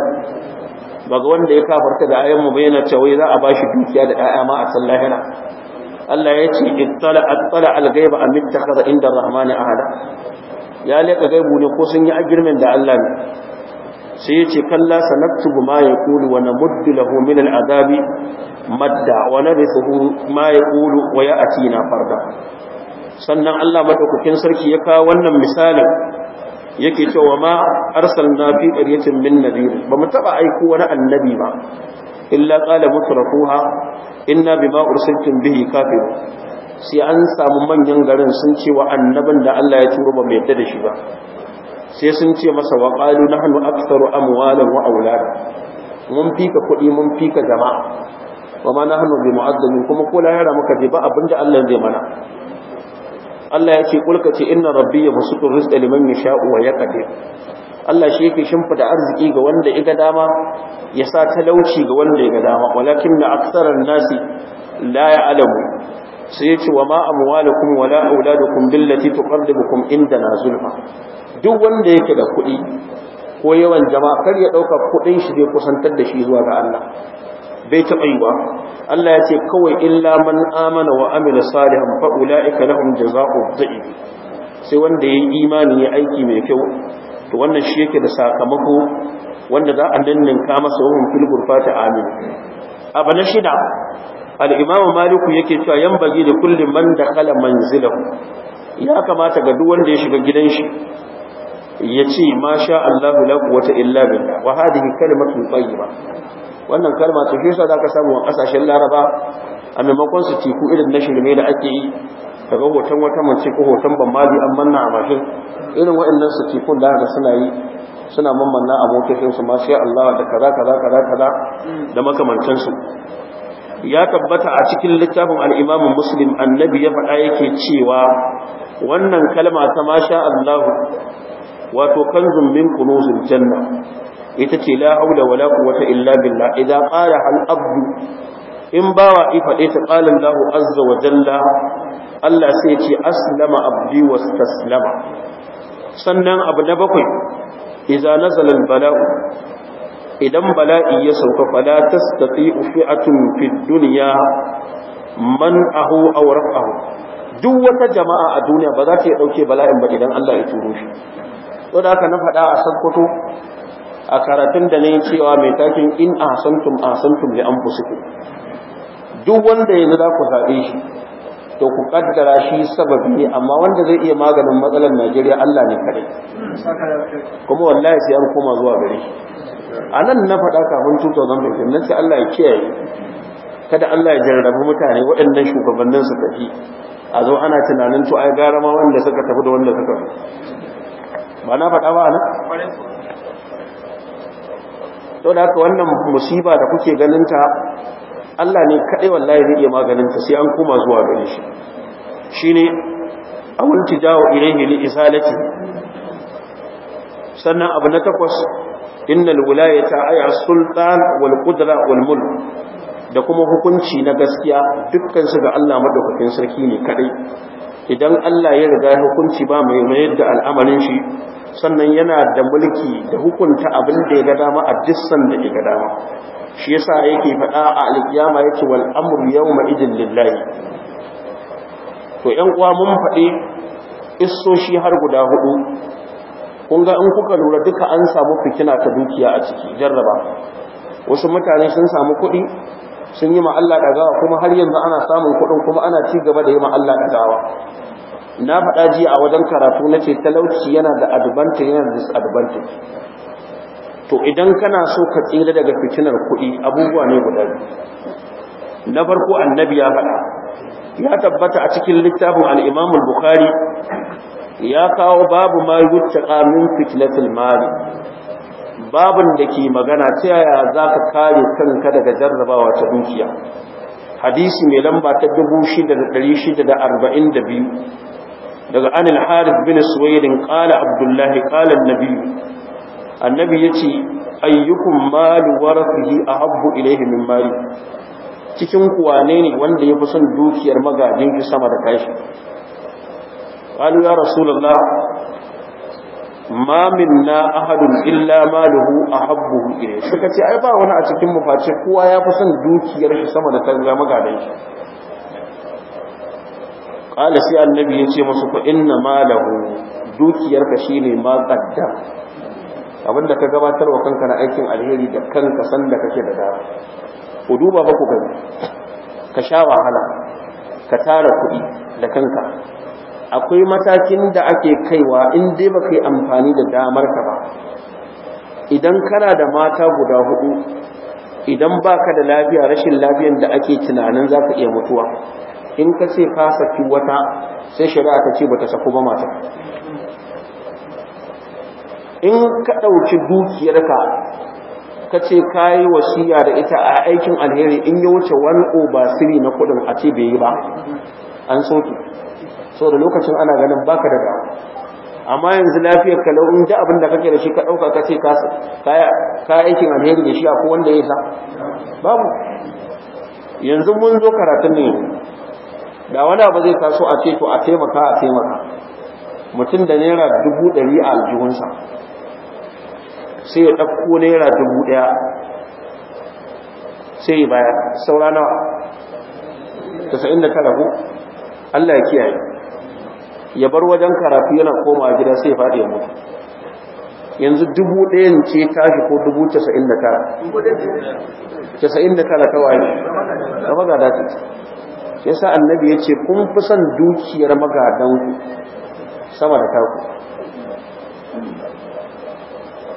baga wanda ya kafarta da ayan mu bayyana cewa za a bashi dukiya da ƴaƴa ma a san lahira Allah ya ce ittala attala al-ghaiba am ittakhadha inda ar-rahman ahada ya leka gaibu ne ko sun yi agirmen da Allah ne sai ya ce kalla sanaktubu ma yaqulu wa namuddu lahu min al-adabi madda wa nabithu ma yaqulu wa ya'tina farda sannan Allah madaukakin sarki ya kawo wannan misalin yake cewa ma arsalna fi qaryatin min nadir ba mu taba aiko wani annabi ba illa qala mutrafuha inna bima ursiltum bihi kafir sai an samu manyan garin sun ce wa annabin da Allah ya turo ba mai yadda da shi ba sai sun ce masa wa qalu nahnu aktharu amwalan wa aulada mun fika kuɗi mun fika jama'a wa ma nahnu bi mu'azzabin kuma ko lahira muka je ba abinda Allah zai mana Allah ya ce kulka ce inna rabbi ya musutu rizqa liman yasha'u wa yaqdir Allah shi yake shimfida arziki ga wanda ya ga dama ya sa talauci ga wanda ya ga dama walakin na aksarar nasi la ya'lamu sai ya ce wa ma amwalukum wala auladukum billati tuqarribukum indana zulma. duk wanda yake da kuɗi ko yawan jama'a kar ya ɗauka kuɗin shi zai kusantar da shi zuwa ga Allah bai taɓa yi ba Allah ya ce kawai illa man amana wa amina salihan fa ulaika lahum jaza'u dha'if sai wanda yayi imani ya aiki mai kyau to wannan shi yake da sakamako wanda za a danninka masa wahum fil ghurfati amin abu na shida al-imamu maliku yake cewa yan bagi da kullum man dakhala manzilahu ya kamata ga duk wanda ya shiga gidan shi ya ce masha sha Allah la quwwata illa billah wa hadhihi kalimatun tayyiba wannan kalma ta shi za ka samu a kasashen laraba a maimakon su teku irin na shirme da ake yi daga hoton wata mace ko hoton mali an manna a mashin irin waɗannan su tekun da haka suna yi suna mamanna a motocinsu ma sai Allah da kaza kaza kaza kaza da makamantansu ya tabbata a cikin littafin al'imamin muslim annabi ya faɗa yake cewa wannan kalma ta masha Allah wato kanzun min kunuzul janna ita ce la haula wala quwwata illa billah idan qala al abdu in bawa ɗaya ta qala Allah azza wa jalla Allah sai ce aslama abdi taslama. sannan abu na bakwai idan nazala bala'u idan bala'i ya sauka fala tastati'u fi'atun fid dunya man a aw raf'ahu duk wata jama'a a duniya ba za ta iya ɗauke bala'in ba idan Allah ya turo shi to haka na faɗa a sakkwato a karatun da nayi cewa mai takin in a a santum da an anfusikum duk wanda yanzu za ku zaɓe shi to ku kaddara shi sababi ne amma wanda zai iya maganin matsalar Najeriya Allah ne kare kuma wallahi sai an koma zuwa gari. shi a nan na faɗa kafin 2015 nan sai Allah ya kiyaye kada Allah ya jarrabu mutane waɗannan shugabannin su tafi a zo ana tunanin to ai gara ma wanda suka tafi da wanda suka ba na faɗa ba a nan don haka wannan musiba da kuke ganinta Allah ne kaɗai wallahi zai iya maganinta sai an koma zuwa gare shi shi ne a wulci jawo irin li isalati sannan abu na takwas innal wilayata ta aya sultan wal qudra da kuma hukunci na gaskiya dukkan su ga Allah madaukakin sarki ne kaɗai idan Allah ya riga hukunci ba mai mayar da al'amarin shi sannan yana da mulki da hukunta abin da ya ga dama a dissan da ya ga dama shi yasa yake faɗa a alƙiyama yake wal amru yawma idin lillahi to yan uwa mun faɗi issoshi har guda hudu kun ga in kuka lura duka an samu fitina ta dukiya a ciki jarraba wasu mutane sun samu kuɗi sun yi ma'alla ɗagawa kuma har yanzu ana samun kuɗin kuma ana ci gaba da yi ma'alla ɗagawa na faɗa jiya a wajen karatu na ce talauci yana da advantage yana da disadvantage to idan kana so ka tsira daga fitinar kuɗi abubuwa ne guda na farko annabi ya faɗa ya tabbata a cikin littafin alimamul bukhari ya kawo babu ma yuttaqa min fitnatil mali babin da ke magana ta yaya za ka kare kanka daga jarrabawa ta dukiya hadisi mai lamba ta 6642 daga anil harith bin suwaidin kala abdullahi biyu. annabi ya ce, ayyukun malu a habbu ilaihi min mali cikin kuwa ne ne wanda ya fi son dukiyar magajin ki sama da kashi ya rasulullah ma na ahadun illa maluhu ahabbuhu ilayhi suka ce ai ba wani a cikin mu kowa ya fi son dukiyar shi sama da ta magadan shi qala sai annabi ya ce masu kuɗin inna malahu dukiyar ka shine ma qaddam abinda ka gabatar wa kanka na aikin alheri da kanka san da kake da dama ku duba fa ku gani ka sha wahala ka tara kuɗi da kanka akwai matakin da ake kaiwa in dai baka yi amfani da damar ka ba idan kana da mata guda hudu idan ba ka da lafiya rashin lafiyan da ake tunanin za ka iya mutuwa in ka ce ka saki wata sai shari'a ta ce ba ta saku ba mata in ka ɗauki dukiyarka ka ce ka yi wasiya da ita a aikin alheri in ya wuce wani obasiri na kudin a ce bai yi ba an soke saboda lokacin ana ganin baka da dawo amma yanzu lafiyar ka lau in ji abin da kake da shi ka dauka ka ce ka ka aikin alheri da shi a wanda ya sa babu yanzu mun zo karatun ne da wani abu zai taso a ce to a taimaka a taimaka mutum da naira dubu ɗari a aljihunsa sai ya ɗauko naira dubu ɗaya sai ya bayar saura nawa 99 ko Allah ya kiyaye ya bar wajen karatu yana koma gida sai faɗi ya mutu yanzu dubu ɗayan ce tashi ko dubu casa'in da tara casa'in da tara kawai da magada ce ya sa annabi ya ce kun fi son dukiyar magadan sama da taku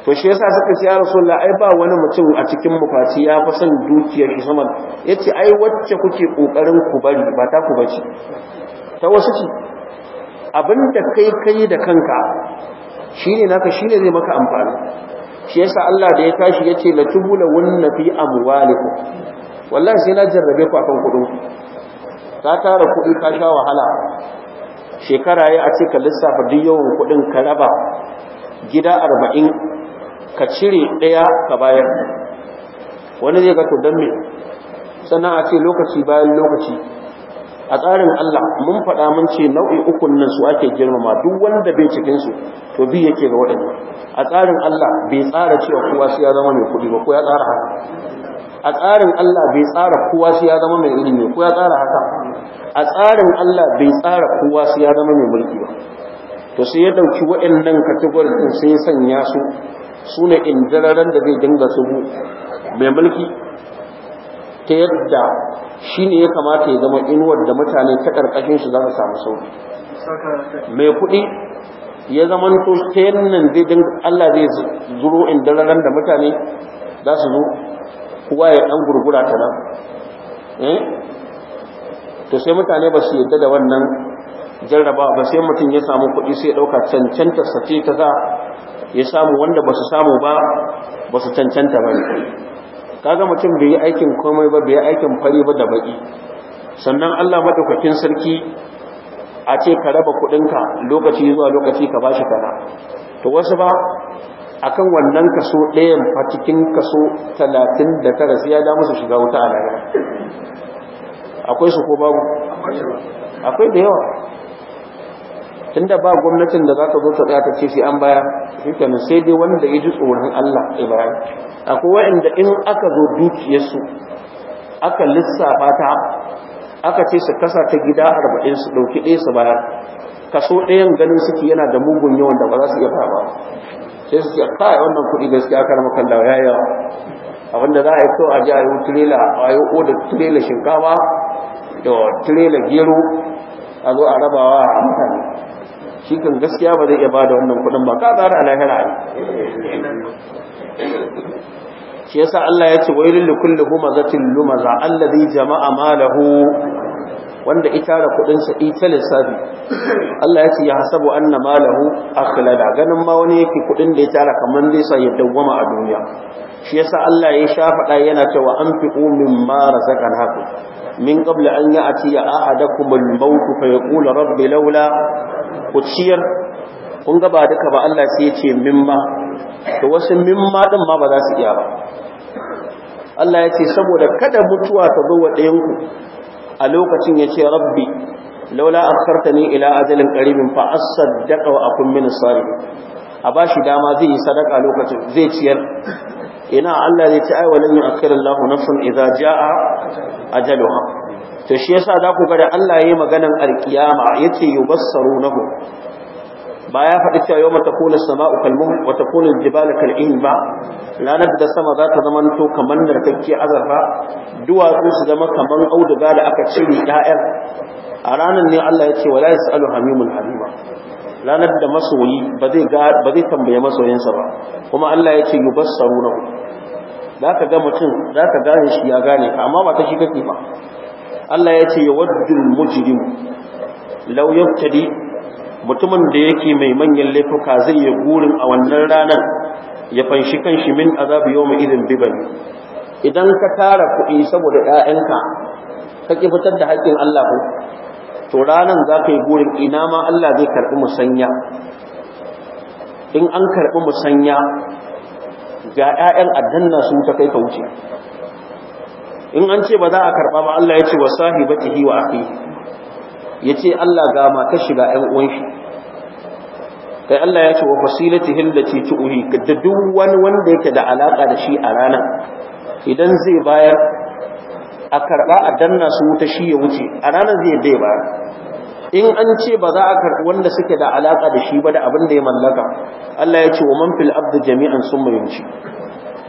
to shi yasa suka ce ya rasulullah ai ba wani mutum a cikin mufaci ya fi son dukiyar shi sama Ya ce ai wacce kuke kokarin ku bari ba ta ku bace ta wasu ce abin da kai kai da kanka shi ne naka ne zai maka amfani shi yasa Allah da ya tashi ya ce la tubula wanna fi amwalikum wallahi sai na jarrabe ku akan kudin ka tara kudi ka sha wahala shekara yayi a ce ka lissafa duk yawan kudin ka raba gida 40 ka cire daya ka bayar wani zai ga to dan me sannan a ce lokaci bayan lokaci a tsarin Allah mun faɗa mun ce nau'i ukun nan su ake girmama duk wanda bai cikin su to bi yake ga wadannan a tsarin Allah bai tsara cewa kowa sai ya zama mai kuɗi ba ko ya tsara haka a tsarin Allah bai tsara kowa sai ya zama mai ilimi ko ya tsara haka a tsarin Allah bai tsara kowa sai ya zama mai mulki ba to sai ya dauki waɗannan category din sai ya sanya su sune indararan da zai dinga su mai mulki ta yadda shi ne ya kamata ya zama inuwar da mutane ta ƙarƙashin su za su samu sauki mai kuɗi ya zama to ta yannan zai dinga Allah zai zuro in dalaran da mutane za su zo kowa ya ɗan gurgura ta nan eh? to sai mutane ba su yadda da wannan jarraba ba sai mutum ya samu kuɗi sai ya ɗauka cancanta sace ta za ya samu wanda ba su samu ba ba su cancanta ba ne Ka kaga mutum bai yi aikin komai ba bai yi aikin fari ba da baki sannan Allah madaukakin sarki a ce ka raba kudinka lokaci zuwa lokaci ka bashi kana to wasu ba akan wannan kaso ɗayan fa cikin kaso talatin da tara sai ya da musu shiga wuta a akwai su ko babu akwai da yawa tunda ba gwamnatin da za ta zo ta tsaya ta ce sai an baya shikenan sai dai wanda ya ji tsoron Allah ya akwai wanda in aka zo dukiyarsu aka lissafa ta aka ce su kasa ta gida 40 su ɗauki ɗaya su baya, kaso ɗayan ganin suke yana da mugun yawan da ba za su iya fara ba sai su ce kai wannan kuɗi gaskiya aka rama kan ya yawa abinda za a yi to a ji a yi tirela a yi odar tirela shinkafa da tirela gero a zo a rabawa a mutane shi kan gaskiya ba zai iya ba da wannan kuɗin ba ka tsara a lahira ne shi yasa Allah ya ce wailul likulli humazatin lumaza allazi jama'a malahu wanda ita da kudin sa ita lissafi Allah ya ce ya hasabu anna malahu akhlada ganin ma wani yake kudin da ya tara kaman zai sa ya dawwama a duniya shi yasa Allah ya sha faɗa yana cewa anfiqu mimma razaqnakum min qabli an ya'tiya ahadakum al-maut fa yaqulu rabbi laula ku ciyar kun ga ba duka ba Allah sai ya ce mimma to wasu mimma din ma ba za su iya ba Allah ya ce saboda kada mutuwa ta zo wa ɗayanku a lokacin ya ce rabbi laula akhartani ila ajalin qaribin fa asaddaqa wa akun min salih a shi dama zai yi sadaka lokacin zai ciyar ina Allah zai ci ai walan yu'akhiru Allahu nafsan idza jaa ajaluha to shi yasa za ku ga da Allah yi maganan alkiyama yace yubassarunahu ba ya faɗi cewa yawma takunu as-sama'u kalmuh wa takunu al kal'in ba ranar da sama za ta zama to kamar narkakke azarfa duwatsu su zama kamar auduga da aka cire ƴaƴan a ranar ne Allah ya ce wala yasalu hamimul hamima ranar da masoyi ba zai ba tambaye masoyinsa ba kuma Allah ya ce Za zaka ga mutum ka gane shi ya gane amma ba ta shi kake ba Allah ya ce ya mujrim law yaftadi mutumin da yake mai manyan laifuka zai yi gurin a wannan ranar ya fanshi kanshi min azabi yawma idin bibani idan ka tara kuɗi saboda 'ya'yanka, ka ki fitar da haƙƙin Allah ko to ranan za ka yi gurin ina ma Allah zai karɓi musanya in an karɓi musanya ga 'ya'yan addanna sun ta kai ka wuce in an ce ba za a karɓa ba Allah ya ce wa sahibatihi wa Ya ce Allah ga mata shiga ɗan uwan shi kai Allah ya ce wa fasilatihi allati tu'hi da duk wani wanda yake da alaka da shi a rana idan zai bayar a karɓa a danna su wuta shi ya wuce a ranar zai bai bayar in an ce ba za a karɓi wanda suke da alaƙa da shi ba da abin da ya mallaka Allah ya ce wa man fil abdu jami'an sun mayunci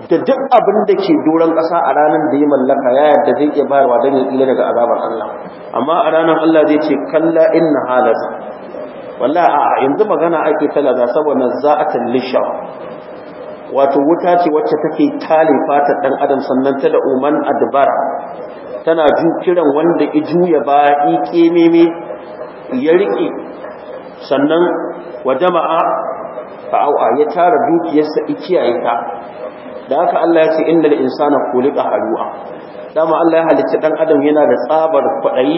da duk abin da ke doron ƙasa a ranar da ya mallaka ya yadda zai iya bayarwa don ya tsira daga azabar Allah amma a ranar Allah zai ce kalla na halas wallahi a'a yanzu magana ake talaga saboda za'atan lishawa wato wuta ce wacce take tale fatar dan adam sannan ta da uman adbara tana ju kiran wanda i juya ba i kememe ya rike sannan wa jama'a fa ya tara dukiyarsa i kiyaye ta da haka Allah ya ce innal insana khuliqa halu'a dama Allah ya halicci dan adam yana da tsabar kwadayi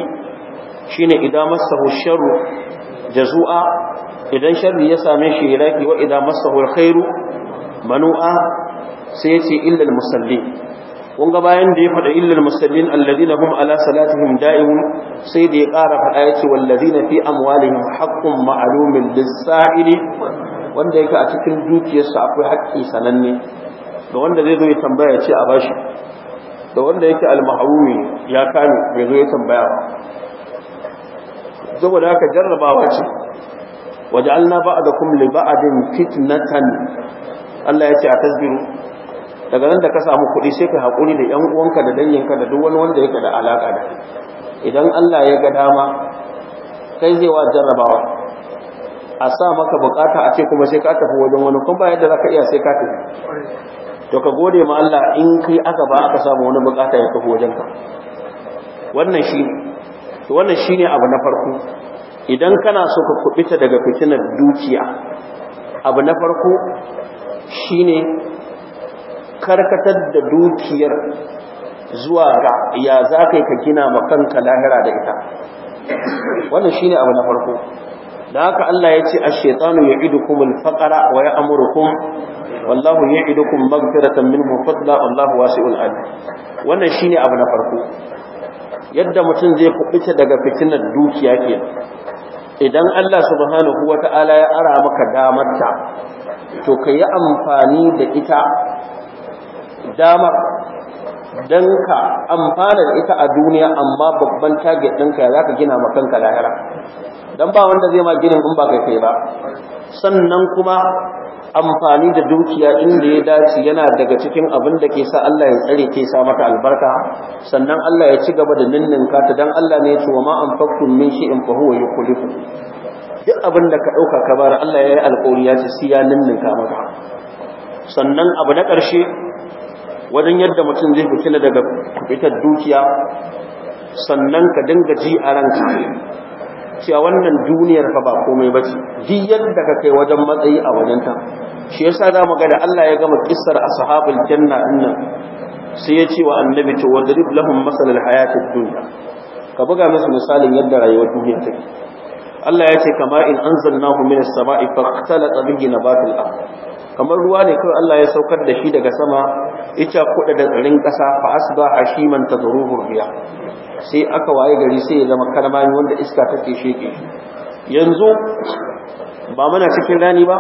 shine idan masahu sharru jazua idan sharri ya same shi yaki wa idan masahu alkhairu manu'a sai ya ce illal musallin kun ga bayan da ya faɗa illar musallin alladina hum ala salatihim da'imun sai da ya ƙara faɗa ya ce walladina fi amwalihim haqqun ma'lumin lis-sa'ili wanda yake a cikin dukiyarsa akwai haƙƙi sananne da wanda zai zo ya tambaya ce a bashi da wanda yake almahawumi ya kame bai zo ya tambaya ba haka jarrabawa ce waje na ba da kuma liba'adin fitnatan Allah ya ce a tasbiru daga nan da ka samu kuɗi sai ka haƙuri da ‘yan uwanka da danginka da duk wani wanda yake da alaƙa da idan Allah ya ga dama kai zai wa jarrabawa a sa maka bukata a ce kuma sai ka tafi wajen wani kuma ba yadda za ka iya sai ka tafi to ka gode ma Allah in kai aka ba aka samu wani bukata ya taho wajenka wannan shi to wannan shine abu na farko idan kana so ka kubita daga fitinar dukiya abu na farko shine karkatar da dukiyar zuwa ga ya za ka gina ma kanka lahira da ita wannan shine abu na farko da haka Allah ya ce ash-shaytanu ya'idukum al-faqra wa ya'murukum wallahu ya'idukum maghfiratan minhu fadla wallahu wasi'un alim wannan shine abu na farko yadda mutum zai kubuta daga fitinar dukiya ke idan Allah subhanahu wata'ala ya ara maka damarta to ka yi amfani da ita damar danka ka amfana da ita a duniya amma babban target ɗinka ya zaka gina ma kanka lahira don ba wanda zai ma ginin in ba kai kai ba sannan kuma amfani da dukiya inda ya dace yana daga cikin abin da ke sa Allah ya tsare ke sa mata albarka sannan Allah ya ci gaba da ninninka ta dan Allah ne ya ce wa ma anfaqtum min in fa huwa yukulifu duk abin da ka dauka ka bar Allah ya yi alƙawari ya ci siya ninninka maka sannan abu na ƙarshe wajen yadda mutum zai fitila daga fitar dukiya sannan ka dinga ji a ranka wannan duniyar fa ba komai ba ce duk yadda ka kai wajen matsayi a ta. shi yasa za mu ga da Allah ya gama kissar ashabul janna nan? sai ya ce wa annabi to wadrib lahum masalal hayatid dunya ka buga musu misalin yadda rayuwar duniya take Allah ya ce kama in anzalnahu minas sama'i faqtalata bihi nabatul ardh kamar ruwa ne kawai Allah ya saukar da shi daga sama ita kuɗa da tsarin ƙasa fa asba hashiman zuru biya sai aka waye gari sai ya zama karmami wanda iska take sheke yanzu ba muna cikin rani ba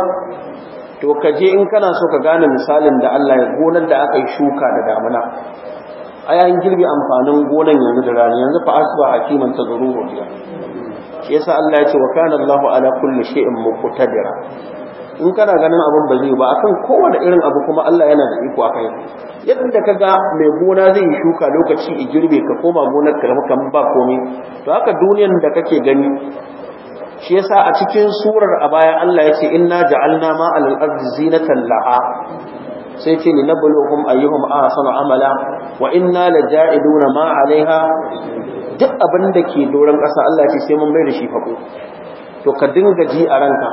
to kaje in kana so ka gane misalin da Allah ya gonar da aka yi shuka da damuna ai an girbe amfanin gonan yanzu da rani yanzu fa asba hakiman tazruhu biya shi yasa Allah ya ce wa kana Allahu ala kulli shay'in muqtadira in kana ganin abin ba zai ba akan kowane irin abu kuma Allah yana da iko akan yadda ka ga mai gona zai yi shuka lokaci i girbe ka koma gonar ka kan ba komai to haka duniyar da kake gani shi yasa a cikin surar a baya Allah ya ce inna ja'alna ma alal ardi zinatan laha sai ce li nabluhum ayyuhum ahsanu amala wa inna laja'iduna ma alaiha duk abin da ke doron ƙasa Allah ya ce sai mun mai da shi fako to ka dinga ji a ranka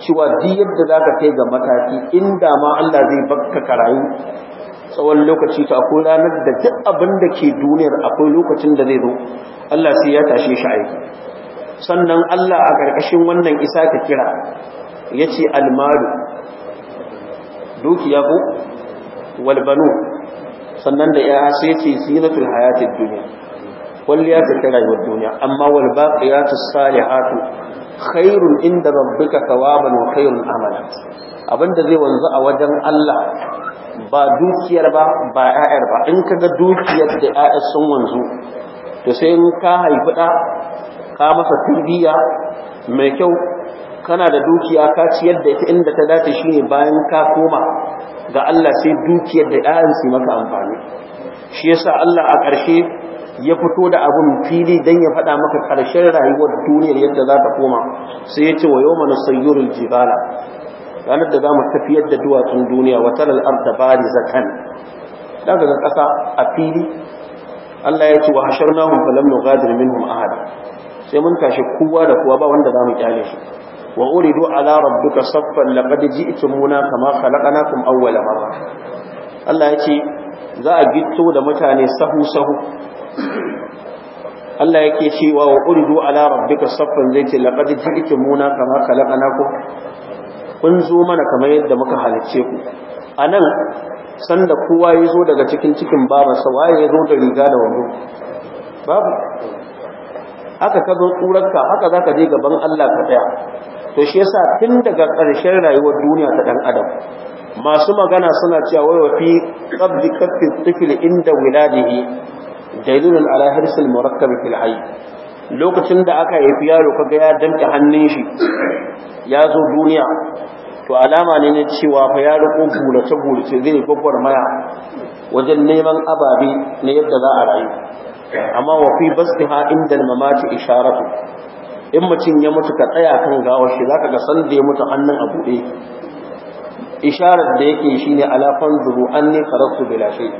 cewa duk yadda za ka kai ga mataki inda ma Allah zai baka ka tsawon lokaci to akwai ranar da duk abin da ke duniyar akwai lokacin da zai zo Allah sai ya tashe shi aiki sannan Allah a ƙarƙashin wannan isa ka kira ya ce almaru dukiya ko walbano. sannan da ya sai ce zinatul hayatin duniya kwalliya ta kira rayuwar duniya amma walbaƙiyatus salihatu khairun inda rabbika thawaban wa khairun amala abinda zai wanzu a wajen Allah ba dukiyar ba ba ayar ba in kaga dukiyar da 'ya'ya sun wanzu to sai in ka haifi ɗa ka masa tarbiyya mai kyau kana da dukiya ka ciyar da ita inda ta dace shine bayan ka koma ga Allah sai dukiyar da ayar su maka amfani shi yasa Allah a ƙarshe ya fito da abun fili dan ya faɗa maka ƙarshen rayuwar duniyar yadda za ta koma sai ya ce wa yau mana sayyurul jibala ranar da za mu tafiyar da duwatsun duniya wa taral arda bari zakan daga ga ƙasa a fili Allah ya ce wa hasharnahum falam nughadir minhum ahada sai mun tashi kowa da kowa ba wanda za mu kyale shi wa uridu ala rabbika saffan laqad ji'tumuna kama khalaqnakum awwala marra Allah ya ce za a gitto da mutane sahu sahu Allah yake cewa wa urdu ala rabbika saffan zai ce laqad jiitumuna kama khalaqnakum kun zo mana kamar yadda muka halice ku anan sanda kowa ya zo daga cikin cikin babansa waye ya zo da riga da wando babu Aka ka zo tsurarka haka za ka je gaban Allah ka tsaya to shi yasa tun daga ƙarshen rayuwar duniya ta ɗan adam masu magana suna cewa wai wafi qabdi kaffi inda wiladihi dalilin ala murakkabi filhai lokacin da aka haifi yaro kaga ya danke hannun shi ya zo duniya to alama ne na cewa fa ya riko gurace gurace zai gwagwar maya wajen neman ababe na yadda za a rayu amma wa fi basdiha inda mamaci isharatu in mutum ya mutu ka tsaya kan gawar shi zaka ga san da ya mutu hannun a buɗe isharar da yake shine alafan zuru anni karatu bila shay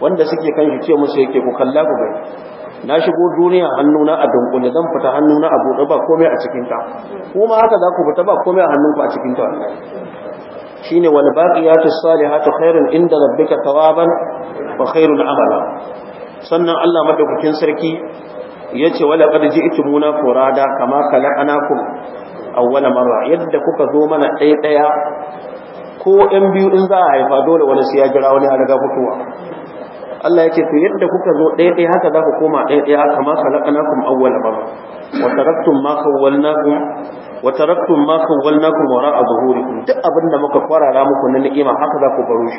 wanda suke kan shi ce musu yake ku kalla ku gani na shigo duniya hannuna a dunkule zan fita hannuna a buɗe ba komai a cikin ta kuma haka za ku fita ba komai a ku a cikin ta shine wal baqiyatus salihatu khairun inda rabbika thawaban wa khairun amala sannan Allah madaukakin sarki yace wala qad ji'tumuna furada kama kala'anakum awwala marra yadda kuka zo mana ɗaya ɗaya ko ɗan biyu in za a haifa dole wani sai ya jira wani ya riga fitowa Allah ya ce to yadda kuka zo ɗaya ɗaya haka za ku koma ɗaya ɗaya kama khalaqnakum awwala marra wa taraktum ma khawwalnakum wa taraktum ma khawwalnakum wara'a zuhurikum duk abin da muka kwarara muku na ni'ima haka za ku baro shi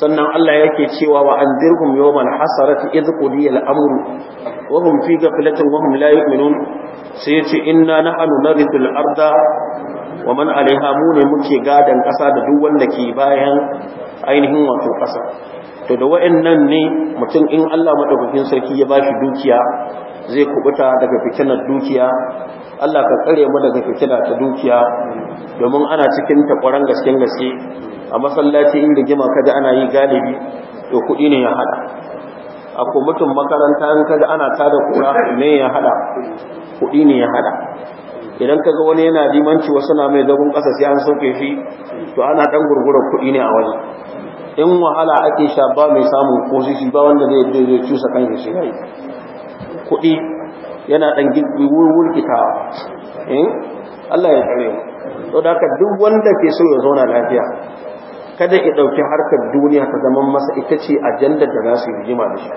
sannan Allah yake cewa wa anzirhum yawmal hasarati idh qudiya yal amru wa hum fi ghaflatin wa hum la yu'minun sai yace inna nahnu narithu al-arda wa man alaiha mu ne muke gadan kasa da duk wanda ke bayan ainihin wato kasa? to da wa'annan ne mutum in Allah madaukakin sarki ya bashi dukiya zai kubuta daga fitinar dukiya Allah ka kare mu daga fitina ta dukiya domin ana cikin ta gaske gasken gaske a masallaci in rigima kaga ana yi galibi to kuɗi ne ya hada a mutum makaranta in kaga ana tada kura ne ya hada kuɗi ne ya hada idan ka ga wani yana limanci wasu na mai zagon ƙasa sai an sauke shi to ana ɗan gurgurar kuɗi ne a waje in wahala ake sha ba mai samun shi ba wanda zai zai zai cusa kan shi yayi kuɗi yana ɗan gigbi wurwurkita eh? Allah ya tsare to da haka duk wanda ke so ya zauna lafiya kada ki ɗauki harkar duniya ta zama masa ita ce ajandar da za su yi rigima da shi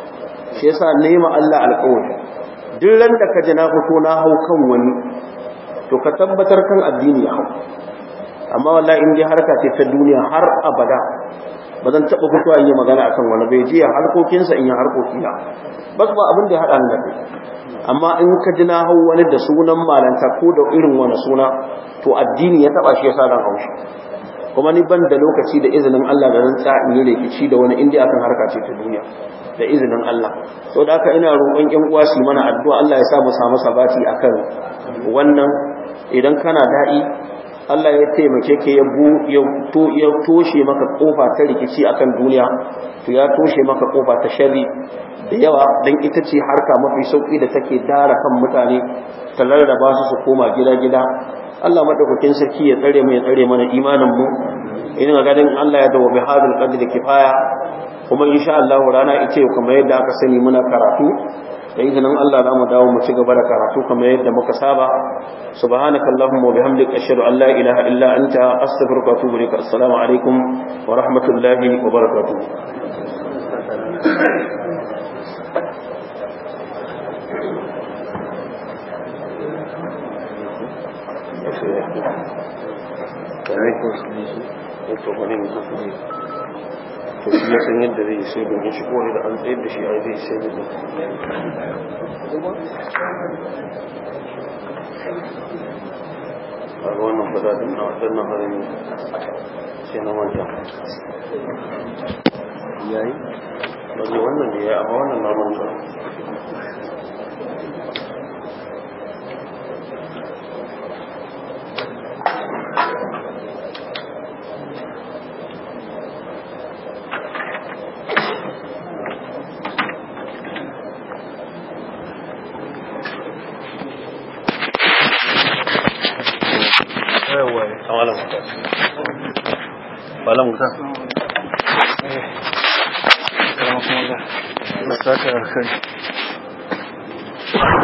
shi yasa nema Allah alƙawari duk ran da ka ji na fito na hau kan wani to ka tabbatar kan addini ya hau amma wallahi in dai harka ce ta duniya har abada ba zan taɓa fitowa in yi magana akan wani bai jiya harkokinsa in yi na ba ba abin da ya haɗa da kai amma in ka ji na hau wani da sunan malanta ko da irin wani suna to addini ya taɓa shi ya sa ran haushi kuma ni ban da lokaci da izinin Allah da zan tsaya in yi rikici da wani indiya akan harka ce ta duniya da izinin Allah saboda haka ina roƙon ƴan uwa su mana addu'a Allah ya sa mu samu sabati akan wannan idan kana da'i Allah ya taimake ka ya toshe maka kofa ta rikici akan duniya to ya toshe maka kofa ta sharri da yawa dan ita ce harka mafi sauki da take dara kan mutane ta rarraba su su koma gida-gida Allah madaukakin sarki ya tsare mu ya tsare mana imanin mu ga dan Allah ya dawo bi hadal qadri kifaya kuma insha Allah rana ita kuma kamar yadda aka sani muna karatu سيدنا الله لا مدعو ما شيء غبره كراتو كما يدا سبحانك اللهم وبحمدك اشهد ان لا اله الا انت استغفرك واتوب اليك السلام عليكم ورحمه الله وبركاته Thank you. to shi ya san yadda zai sai domin shi kone da an tsayar da shi a zai sai da a wannan ba za a dinna waɗannan harami sai na wancan yayi ba ne wannan da ya amma wannan na malam musa kai